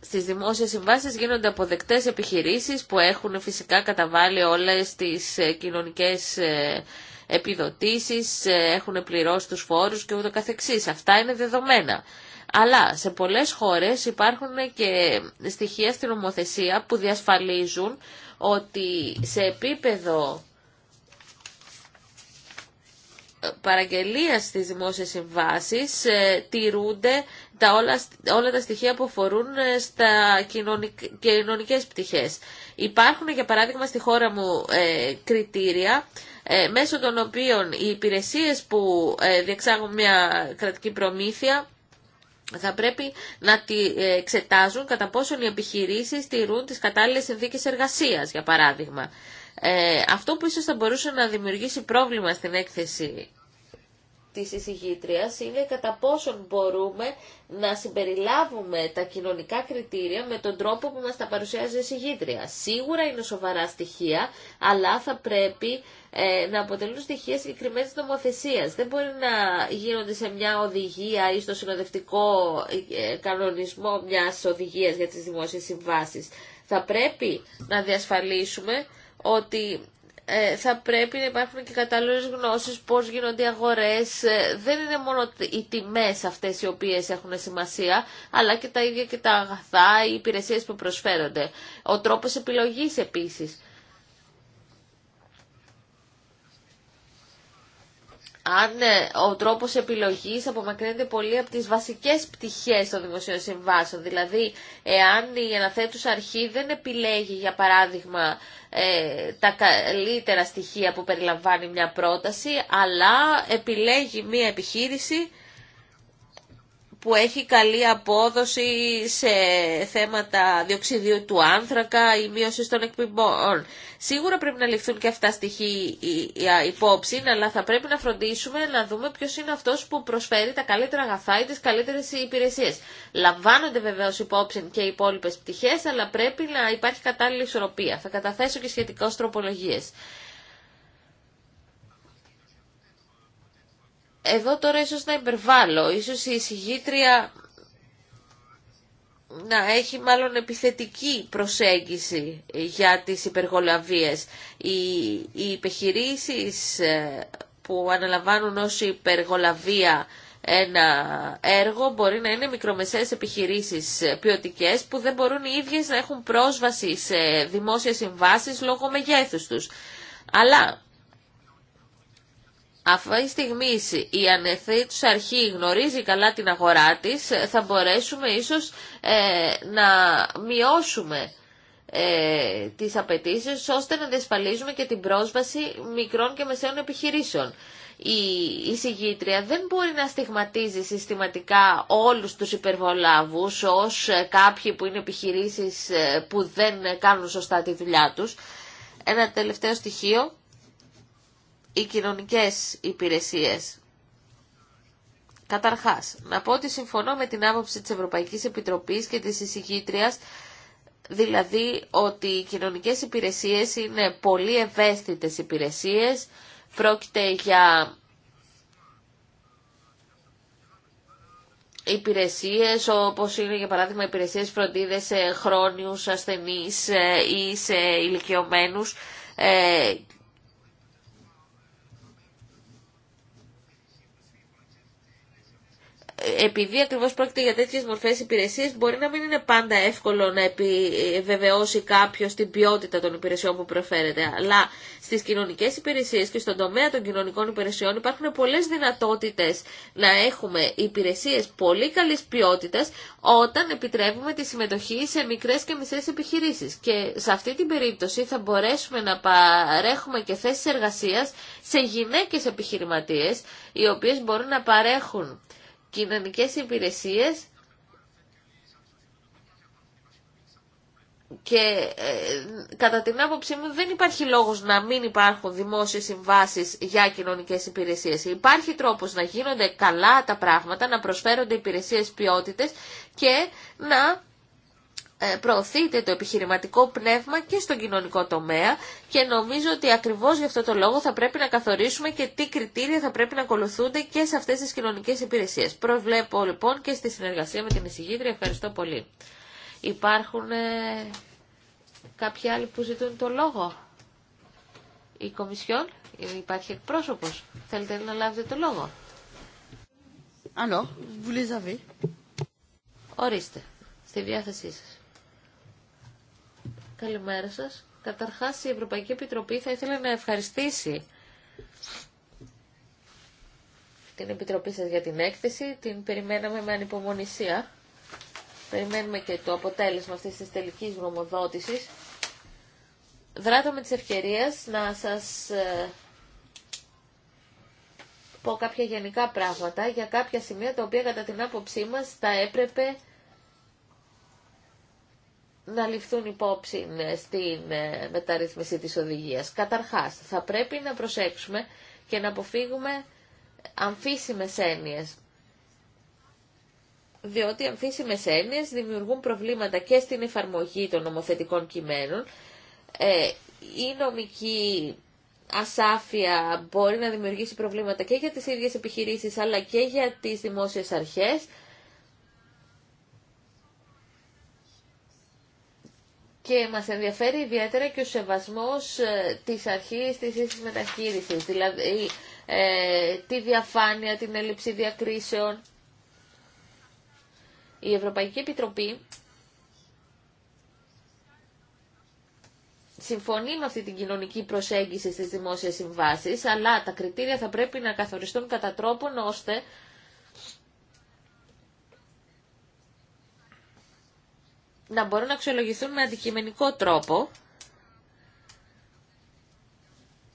Στις δημόσιες συμβάσεις γίνονται αποδεκτές επιχειρήσεις που έχουν φυσικά καταβάλει όλες τις ε, κοινωνικές ε, επιδοτήσεις, ε, έχουν πληρώσει τους φόρους και ούτω καθεξής. Αυτά είναι δεδομένα. Αλλά σε πολλές χώρες υπάρχουν και στοιχεία στην ομοθεσία που διασφαλίζουν ότι σε επίπεδο ε, παραγγελίας στις δημόσιες συμβάσεις ε, τηρούνται τα όλα, όλα τα στοιχεία που αφορούν στα κοινωνικές πτυχές. Υπάρχουν για παράδειγμα στη χώρα μου κριτήρια ε, μέσω των οποίων οι υπηρεσίες που ε, διεξάγουν μια κρατική προμήθεια θα πρέπει να τη ε, εξετάζουν κατά πόσον οι επιχειρήσεις τηρούν τις κατάλληλες συνθήκε εργασίας, για παράδειγμα. αυτό που ίσως θα μπορούσε να δημιουργήσει πρόβλημα στην έκθεση της εισηγήτριας είναι κατά πόσον μπορούμε να συμπεριλάβουμε τα κοινωνικά κριτήρια με τον τρόπο που μας τα παρουσιάζει η εισηγήτρια. Σίγουρα είναι σοβαρά στοιχεία, αλλά θα πρέπει ε, να αποτελούν στοιχεία συγκεκριμένη νομοθεσία. Δεν μπορεί να γίνονται σε μια οδηγία ή στο συνοδευτικό ε, κανονισμό μιας οδηγίας για τις δημόσιες συμβάσεις. Θα πρέπει να διασφαλίσουμε ότι ε, θα πρέπει να υπάρχουν και κατάλληλες γνώσεις πώς γίνονται οι αγορές. Ε, δεν είναι μόνο οι τιμές αυτές οι οποίες έχουν σημασία, αλλά και τα ίδια και τα αγαθά, οι υπηρεσίες που προσφέρονται. Ο τρόπος επιλογής επίσης. αν ε, ο τρόπος επιλογής απομακρύνεται πολύ από τις βασικές πτυχές των δημοσίων συμβάσεων. Δηλαδή, εάν η αναθέτουσα αρχή δεν επιλέγει, για παράδειγμα, ε, τα καλύτερα στοιχεία που περιλαμβάνει μια πρόταση, αλλά επιλέγει μια επιχείρηση που έχει καλή απόδοση σε θέματα διοξιδίου του άνθρακα ή μείωση των εκπομπών. Σίγουρα πρέπει να ληφθούν και αυτά στοιχεία υπόψη, αλλά θα πρέπει να φροντίσουμε να δούμε ποιο είναι αυτό που προσφέρει τα καλύτερα αγαθά ή τι καλύτερε υπηρεσίε. Λαμβάνονται βεβαίω υπόψη και οι υπόλοιπε πτυχέ, αλλά πρέπει να υπάρχει κατάλληλη ισορροπία. Θα καταθέσω και σχετικώ τροπολογίε. Εδώ τώρα ίσως να υπερβάλλω, ίσως η εισηγήτρια να έχει μάλλον επιθετική προσέγγιση για τις υπεργολαβίες. Οι, οι επιχειρήσεις ε, που αναλαμβάνουν ως υπεργολαβία ένα έργο μπορεί να είναι μικρομεσαίες επιχειρήσεις ε, ποιοτικέ που δεν μπορούν οι ίδιες να έχουν πρόσβαση σε δημόσιες συμβάσεις λόγω μεγέθους τους. Αλλά Αφού η στιγμή η του αρχή γνωρίζει καλά την αγορά της, θα μπορέσουμε ίσως ε, να μειώσουμε ε, τις απαιτήσει ώστε να διασφαλίζουμε και την πρόσβαση μικρών και μεσαίων επιχειρήσεων. Η εισηγήτρια δεν μπορεί να στιγματίζει συστηματικά όλους τους υπερβολάβους ως κάποιοι που είναι επιχειρήσεις ε, που δεν κάνουν σωστά τη δουλειά τους. Ένα τελευταίο στοιχείο οι κοινωνικές υπηρεσίες. Καταρχάς, να πω ότι συμφωνώ με την άποψη της Ευρωπαϊκής Επιτροπής και της εισηγήτριας, δηλαδή ότι οι κοινωνικές υπηρεσίες είναι πολύ ευαίσθητες υπηρεσίες, πρόκειται για υπηρεσίες όπως είναι για παράδειγμα υπηρεσίες φροντίδες σε χρόνιους ασθενείς ε, ή σε ηλικιωμένους ε, επειδή ακριβώ πρόκειται για τέτοιε μορφέ υπηρεσίε μπορεί να μην είναι πάντα εύκολο να επιβεβαιώσει κάποιο την ποιότητα των υπηρεσιών που προφέρεται αλλά στι κοινωνικέ υπηρεσίε και στον τομέα των κοινωνικών υπηρεσιών υπάρχουν πολλέ δυνατότητε να έχουμε υπηρεσίε πολύ καλής ποιότητας όταν επιτρέπουμε τη συμμετοχή σε μικρέ και μισές επιχειρήσει. και σε αυτή την περίπτωση θα μπορέσουμε να παρέχουμε και θέσει εργασία σε γυναίκε επιχειρηματίε, οι οποίε μπορούν να παρέχουν κοινωνικές υπηρεσίες και ε, κατά την άποψή μου δεν υπάρχει λόγος να μην υπάρχουν δημόσιες συμβάσεις για κοινωνικές υπηρεσίες. Υπάρχει τρόπος να γίνονται καλά τα πράγματα, να προσφέρονται υπηρεσίες ποιότητες και να ε, προωθείται το επιχειρηματικό πνεύμα και στον κοινωνικό τομέα και νομίζω ότι ακριβώς γι' αυτό το λόγο θα πρέπει να καθορίσουμε και τι κριτήρια θα πρέπει να ακολουθούνται και σε αυτές τις κοινωνικές υπηρεσίες. Προβλέπω λοιπόν και στη συνεργασία με την εισηγήτρια. Ευχαριστώ πολύ. Υπάρχουν ε, κάποιοι άλλοι που ζητούν το λόγο. Η Κομισιόν, υπάρχει εκπρόσωπος. Θέλετε να λάβετε το λόγο. Ορίστε, στη διάθεσή σας. Καλημέρα σας. Καταρχάς η Ευρωπαϊκή Επιτροπή θα ήθελε να ευχαριστήσει την Επιτροπή σας για την έκθεση. Την περιμέναμε με ανυπομονησία. Περιμένουμε και το αποτέλεσμα αυτής της τελικής γνωμοδότησης. Δράτω με τις ευκαιρίες να σας ε, πω κάποια γενικά πράγματα για κάποια σημεία τα οποία κατά την άποψή μας θα έπρεπε να ληφθούν υπόψη ε, στην ε, μεταρρύθμιση της οδηγίας. Καταρχάς, θα πρέπει να προσέξουμε και να αποφύγουμε αμφίσιμες έννοιες. Διότι αμφίσιμες έννοιες δημιουργούν προβλήματα και στην εφαρμογή των νομοθετικών κειμένων. Ε, η νομική ασάφεια μπορεί να δημιουργήσει προβλήματα και για τις ίδιες επιχειρήσεις αλλά και για τις δημόσιες αρχές και μας ενδιαφέρει ιδιαίτερα και ο σεβασμός ε, της αρχής της ίσης μεταχείρισης, δηλαδή ε, τη διαφάνεια, την έλλειψη διακρίσεων. Η Ευρωπαϊκή Επιτροπή συμφωνεί με αυτή την κοινωνική προσέγγιση στις δημόσιες συμβάσεις, αλλά τα κριτήρια θα πρέπει να καθοριστούν κατά τρόπον ώστε να μπορούν να αξιολογηθούν με αντικειμενικό τρόπο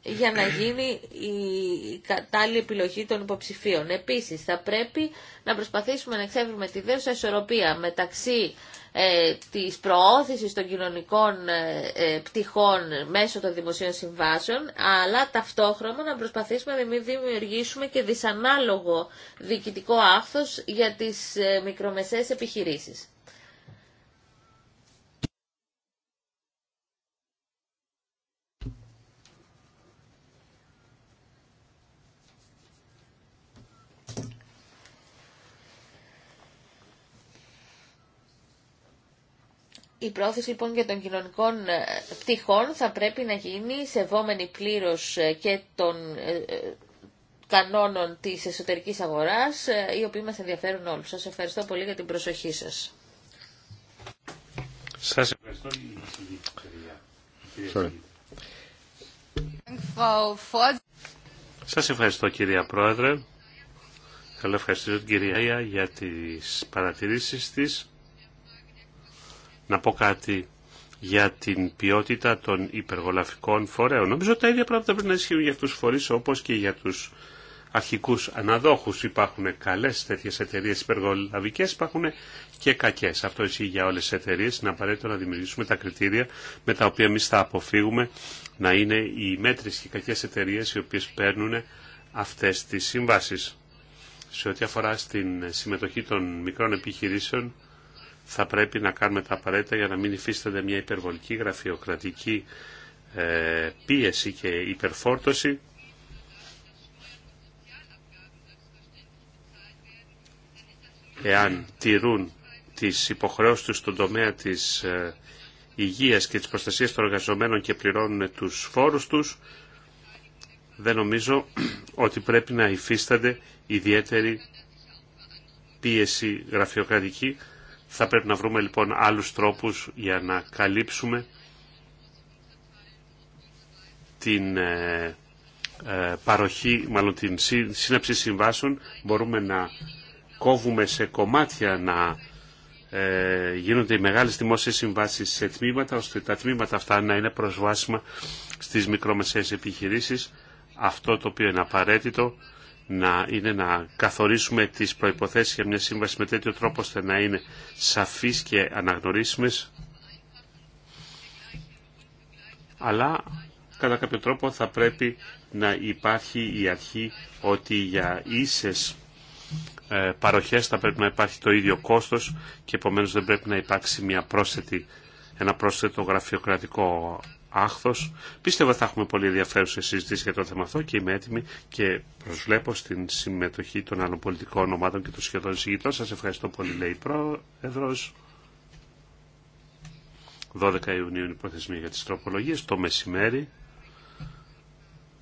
για να γίνει η κατάλληλη επιλογή των υποψηφίων. Επίσης, θα πρέπει να προσπαθήσουμε να εξεύρουμε τη δέουσα ισορροπία μεταξύ ε, της προώθησης των κοινωνικών ε, ε, πτυχών μέσω των δημοσίων συμβάσεων, αλλά ταυτόχρονα να προσπαθήσουμε να μην δημιουργήσουμε και δυσανάλογο διοικητικό άχθος για τις ε, μικρομεσαίες επιχειρήσεις. Η πρόθεση λοιπόν για των κοινωνικών ε, πτυχών θα πρέπει να γίνει σεβόμενη πλήρως ε, και των ε, κανόνων της εσωτερικής αγοράς, οι οποίοι μας ενδιαφέρουν όλους. Σας ευχαριστώ πολύ για την προσοχή σας. Σας ευχαριστώ, κυρία. Σας ευχαριστώ, κυρία Πρόεδρε. Θέλω ευχαριστήσω την κυρία για τις παρατηρήσεις της να πω κάτι για την ποιότητα των υπεργολαφικών φορέων. Νομίζω τα ίδια πράγματα πρέπει να ισχύουν για αυτούς τους φορείς όπως και για τους αρχικούς αναδόχους. Υπάρχουν καλές τέτοιες εταιρείες υπεργολαβικές, υπάρχουν και κακές. Αυτό ισχύει για όλες τις εταιρείες. Είναι απαραίτητο να δημιουργήσουμε τα κριτήρια με τα οποία εμεί θα αποφύγουμε να είναι οι μέτρες και οι κακές εταιρείες οι οποίες παίρνουν αυτές τις συμβάσεις. Σε ό,τι αφορά στην συμμετοχή των μικρών επιχειρήσεων, θα πρέπει να κάνουμε τα απαραίτητα για να μην υφίστανται μια υπερβολική γραφειοκρατική ε, πίεση και υπερφόρτωση εάν τηρούν τις υποχρεώσεις τους στον τομέα της ε, υγείας και της προστασίας των εργαζομένων και πληρώνουν τους φόρους τους, δεν νομίζω ότι πρέπει να υφίστανται ιδιαίτερη πίεση γραφειοκρατική, θα πρέπει να βρούμε λοιπόν άλλους τρόπους για να καλύψουμε την ε, ε, παροχή, μάλλον την σύναψη συμβάσεων. Μπορούμε να κόβουμε σε κομμάτια να ε, γίνονται οι μεγάλες δημόσιες συμβάσεις σε τμήματα, ώστε τα τμήματα αυτά να είναι προσβάσιμα στις μικρομεσαίες επιχειρήσεις. Αυτό το οποίο είναι απαραίτητο να είναι να καθορίσουμε τις προϋποθέσεις για μια σύμβαση με τέτοιο τρόπο ώστε να είναι σαφείς και αναγνωρίσιμες αλλά κατά κάποιο τρόπο θα πρέπει να υπάρχει η αρχή ότι για ίσες ε, παροχές θα πρέπει να υπάρχει το ίδιο κόστος και επομένως δεν πρέπει να υπάρξει μια πρόσθετη, ένα πρόσθετο γραφειοκρατικό άχθος. Πίστευα θα έχουμε πολύ ενδιαφέρουσε συζητήσει για το θέμα αυτό και είμαι έτοιμη και προσβλέπω στην συμμετοχή των άλλων πολιτικών ομάδων και των σχεδόν συγκεκριτών. Σας ευχαριστώ πολύ, λέει η πρόεδρο. 12 Ιουνίου είναι η προθεσμία για τι τροπολογίε. Το μεσημέρι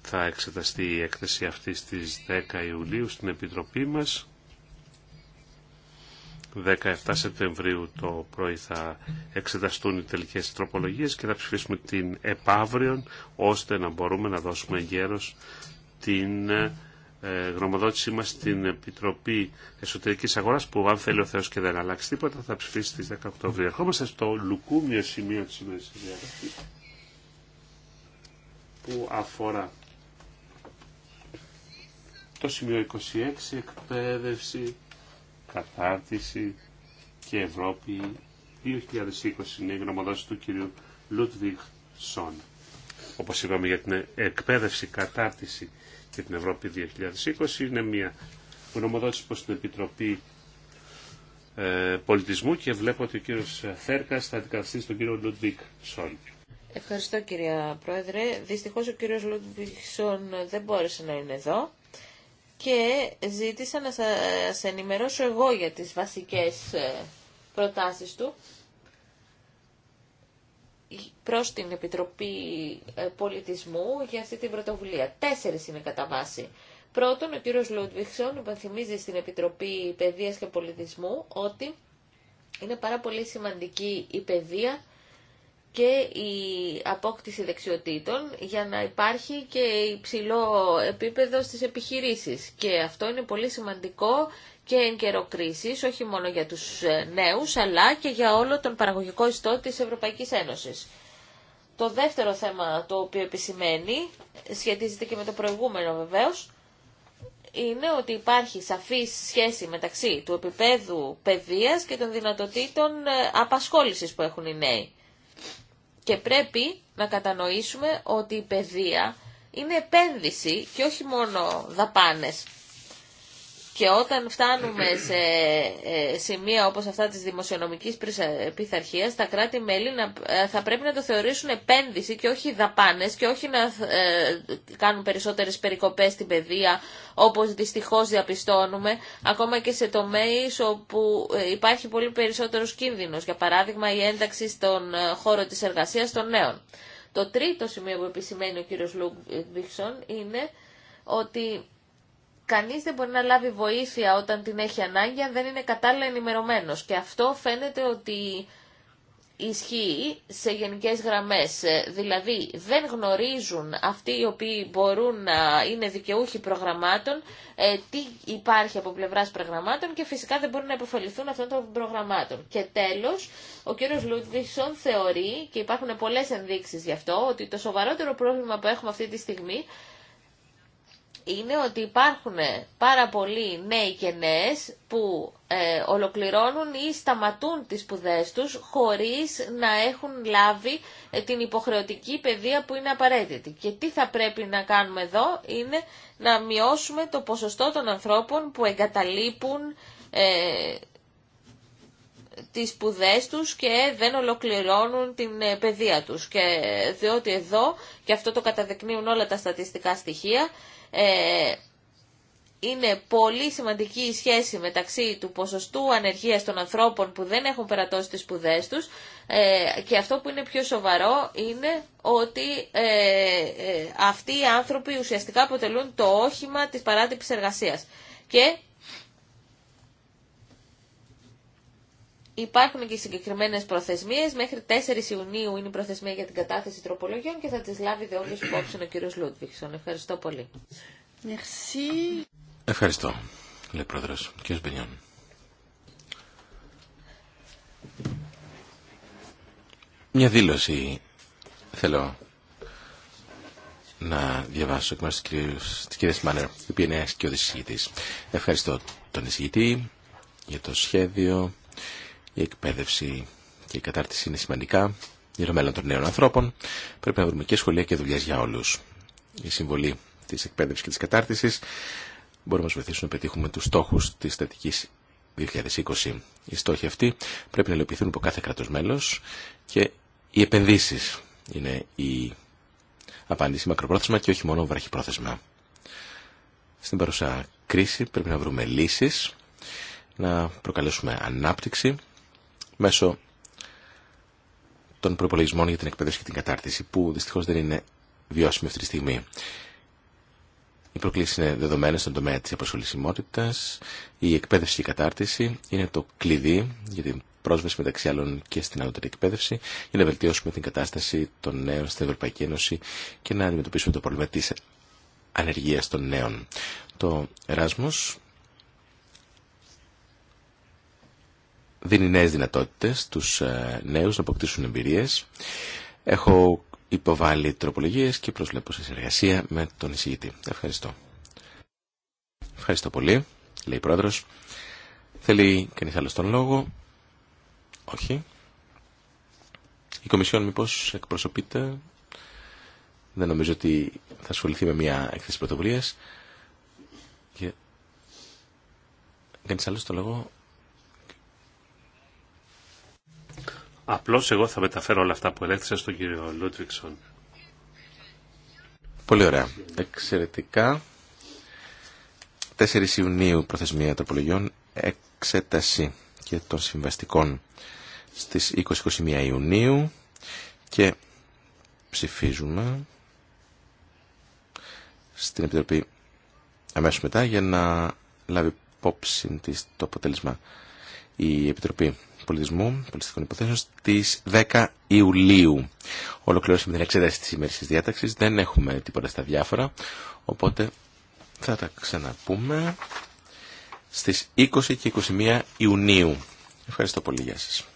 θα εξεταστεί η έκθεση αυτή στις 10 Ιουλίου στην Επιτροπή μας. 17 Σεπτεμβρίου το πρωί θα εξεταστούν οι τελικές τροπολογίες και θα ψηφίσουμε την επαύριον ώστε να μπορούμε να δώσουμε γέρος την ε, γνωμοδότησή μας στην Επιτροπή Εσωτερικής Αγοράς που αν θέλει ο Θεός και δεν αλλάξει τίποτα θα ψηφίσει στις 10 Οκτωβρίου. Ερχόμαστε στο λουκούμιο σημείο της σημερινής που αφορά το σημείο 26 εκπαίδευση κατάρτιση και Ευρώπη 2020 είναι η γνωμοδόση του κυρίου Λούτβιγ Σον. Όπως είπαμε για την εκπαίδευση, κατάρτιση και την Ευρώπη 2020 είναι μια γνωμοδόση προς την Επιτροπή ε, Πολιτισμού και βλέπω ότι ο κύριος Θέρκας θα αντικαταστήσει τον κύριο Λούντβικ Σον. Ευχαριστώ κυρία Πρόεδρε. Δυστυχώς ο κύριος Λούντβικ Σον δεν μπόρεσε να είναι εδώ και ζήτησα να σας ενημερώσω εγώ για τις βασικές ε, προτάσεις του προς την Επιτροπή ε, Πολιτισμού για αυτή την πρωτοβουλία. Τέσσερις είναι κατά βάση. Πρώτον, ο κύριος Λούντβιξον υπενθυμίζει στην Επιτροπή Παιδείας και Πολιτισμού ότι είναι πάρα πολύ σημαντική η παιδεία και η απόκτηση δεξιοτήτων για να υπάρχει και υψηλό επίπεδο στις επιχειρήσεις. Και αυτό είναι πολύ σημαντικό και εν καιρό κρίσης, όχι μόνο για τους ε, νέους, αλλά και για όλο τον παραγωγικό ιστό της Ευρωπαϊκής Ένωσης. Το δεύτερο θέμα το οποίο επισημαίνει, σχετίζεται και με το προηγούμενο βεβαίως, είναι ότι υπάρχει σαφή σχέση μεταξύ του επίπεδου παιδείας και των δυνατοτήτων ε, απασχόλησης που έχουν οι νέοι. Και πρέπει να κατανοήσουμε ότι η παιδεία είναι επένδυση και όχι μόνο δαπάνες. Και όταν φτάνουμε σε ε, σημεία όπως αυτά της δημοσιονομικής ε, πειθαρχία, τα κράτη-μέλη ε, θα πρέπει να το θεωρήσουν επένδυση και όχι δαπάνες και όχι να κάνουν περισσότερες περικοπές στην παιδεία όπως δυστυχώς διαπιστώνουμε ακόμα και σε τομέες όπου υπάρχει πολύ περισσότερος κίνδυνος. Για παράδειγμα η ένταξη στον χώρο της εργασίας των νέων. Το τρίτο σημείο που επισημαίνει ο κύριος Λούγκβιξον είναι ότι Κανεί δεν μπορεί να λάβει βοήθεια όταν την έχει ανάγκη αν δεν είναι κατάλληλα ενημερωμένο. Και αυτό φαίνεται ότι ισχύει σε γενικέ γραμμέ, Δηλαδή δεν γνωρίζουν αυτοί οι οποίοι μπορούν να είναι δικαιούχοι προγραμμάτων ε, τι υπάρχει από πλευρά προγραμμάτων και φυσικά δεν μπορούν να υποφεληθούν αυτών των προγραμμάτων. Και τέλο, ο κύριος Λούτβισον θεωρεί και υπάρχουν πολλέ ενδείξει γι' αυτό ότι το σοβαρότερο πρόβλημα που έχουμε αυτή τη στιγμή είναι ότι υπάρχουν πάρα πολλοί νέοι και νέες που ε, ολοκληρώνουν ή σταματούν τις σπουδέ τους χωρίς να έχουν λάβει ε, την υποχρεωτική παιδεία που είναι απαραίτητη. Και τι θα πρέπει να κάνουμε εδώ είναι να μειώσουμε το ποσοστό των ανθρώπων που εγκαταλείπουν ε, τις σπουδέ τους και δεν ολοκληρώνουν την ε, παιδεία τους. Και διότι εδώ, και αυτό το καταδεικνύουν όλα τα στατιστικά στοιχεία, ε, είναι πολύ σημαντική η σχέση μεταξύ του ποσοστού ανεργίας των ανθρώπων που δεν έχουν περατώσει τις σπουδέ τους ε, και αυτό που είναι πιο σοβαρό είναι ότι ε, αυτοί οι άνθρωποι ουσιαστικά αποτελούν το όχημα της παράτυπης εργασίας. Και Υπάρχουν και συγκεκριμένες προθεσμίες. Μέχρι 4 Ιουνίου είναι η προθεσμία για την κατάθεση τροπολογιών και θα τις λάβει δε υπόψη ο κύριος Λούτβιχσον. Ευχαριστώ πολύ. Merci. Ευχαριστώ, λέει πρόεδρο. κύριο Μπενιόν. Μια δήλωση θέλω να διαβάσω εκ μέρου τη κυρίας Μάνερ, η οποία είναι ο Ευχαριστώ τον εισηγητή για το σχέδιο η εκπαίδευση και η κατάρτιση είναι σημαντικά για το μέλλον των νέων ανθρώπων. Πρέπει να βρούμε και σχολεία και δουλειέ για όλου. Η συμβολή τη εκπαίδευση και τη κατάρτιση μπορεί να μα βοηθήσουν να πετύχουμε του στόχου τη θετική 2020. Οι στόχοι αυτοί πρέπει να υλοποιηθούν από κάθε κράτο μέλο και οι επενδύσει είναι η απάντηση μακροπρόθεσμα και όχι μόνο βραχυπρόθεσμα. Στην παρούσα κρίση πρέπει να βρούμε λύσεις, να προκαλέσουμε ανάπτυξη μέσω των προπολογισμών για την εκπαίδευση και την κατάρτιση, που δυστυχώ δεν είναι βιώσιμη αυτή τη στιγμή. Οι προκλήσει είναι δεδομένε στον τομέα τη αποσχολησιμότητα. Η εκπαίδευση και η κατάρτιση είναι το κλειδί για την πρόσβαση μεταξύ άλλων και στην ανώτερη εκπαίδευση, για να βελτιώσουμε την κατάσταση των νέων στην Ευρωπαϊκή Ένωση και να αντιμετωπίσουμε το πρόβλημα τη ανεργία των νέων. Το Εράσμος δίνει νέες δυνατότητες στους ε, νέους να αποκτήσουν εμπειρίες. Έχω υποβάλει τροπολογίες και προσβλέπω σε συνεργασία με τον εισηγητή. Ευχαριστώ. Ευχαριστώ πολύ, λέει η πρόεδρος. Θέλει κανείς άλλο τον λόγο. Όχι. Η Κομισιόν μήπως εκπροσωπείται. Δεν νομίζω ότι θα ασχοληθεί με μια έκθεση πρωτοβουλίας. Και... Κανείς άλλος τον λόγο. Απλώς εγώ θα μεταφέρω όλα αυτά που ελέγχθησα στον κύριο Λούτβιξον. Πολύ ωραία. Εξαιρετικά. 4 Ιουνίου προθεσμία τροπολογιών εξέταση και των συμβαστικών στις 20-21 Ιουνίου και ψηφίζουμε στην Επιτροπή αμέσως μετά για να λάβει υπόψη της το αποτέλεσμα η Επιτροπή Πολιτισμού, Πολιτιστικών Υποθέσεων, στι 10 Ιουλίου. Ολοκληρώσαμε την εξέταση της της διάταξης, δεν έχουμε τίποτα στα διάφορα, οπότε θα τα ξαναπούμε στις 20 και 21 Ιουνίου. Ευχαριστώ πολύ, γεια σας.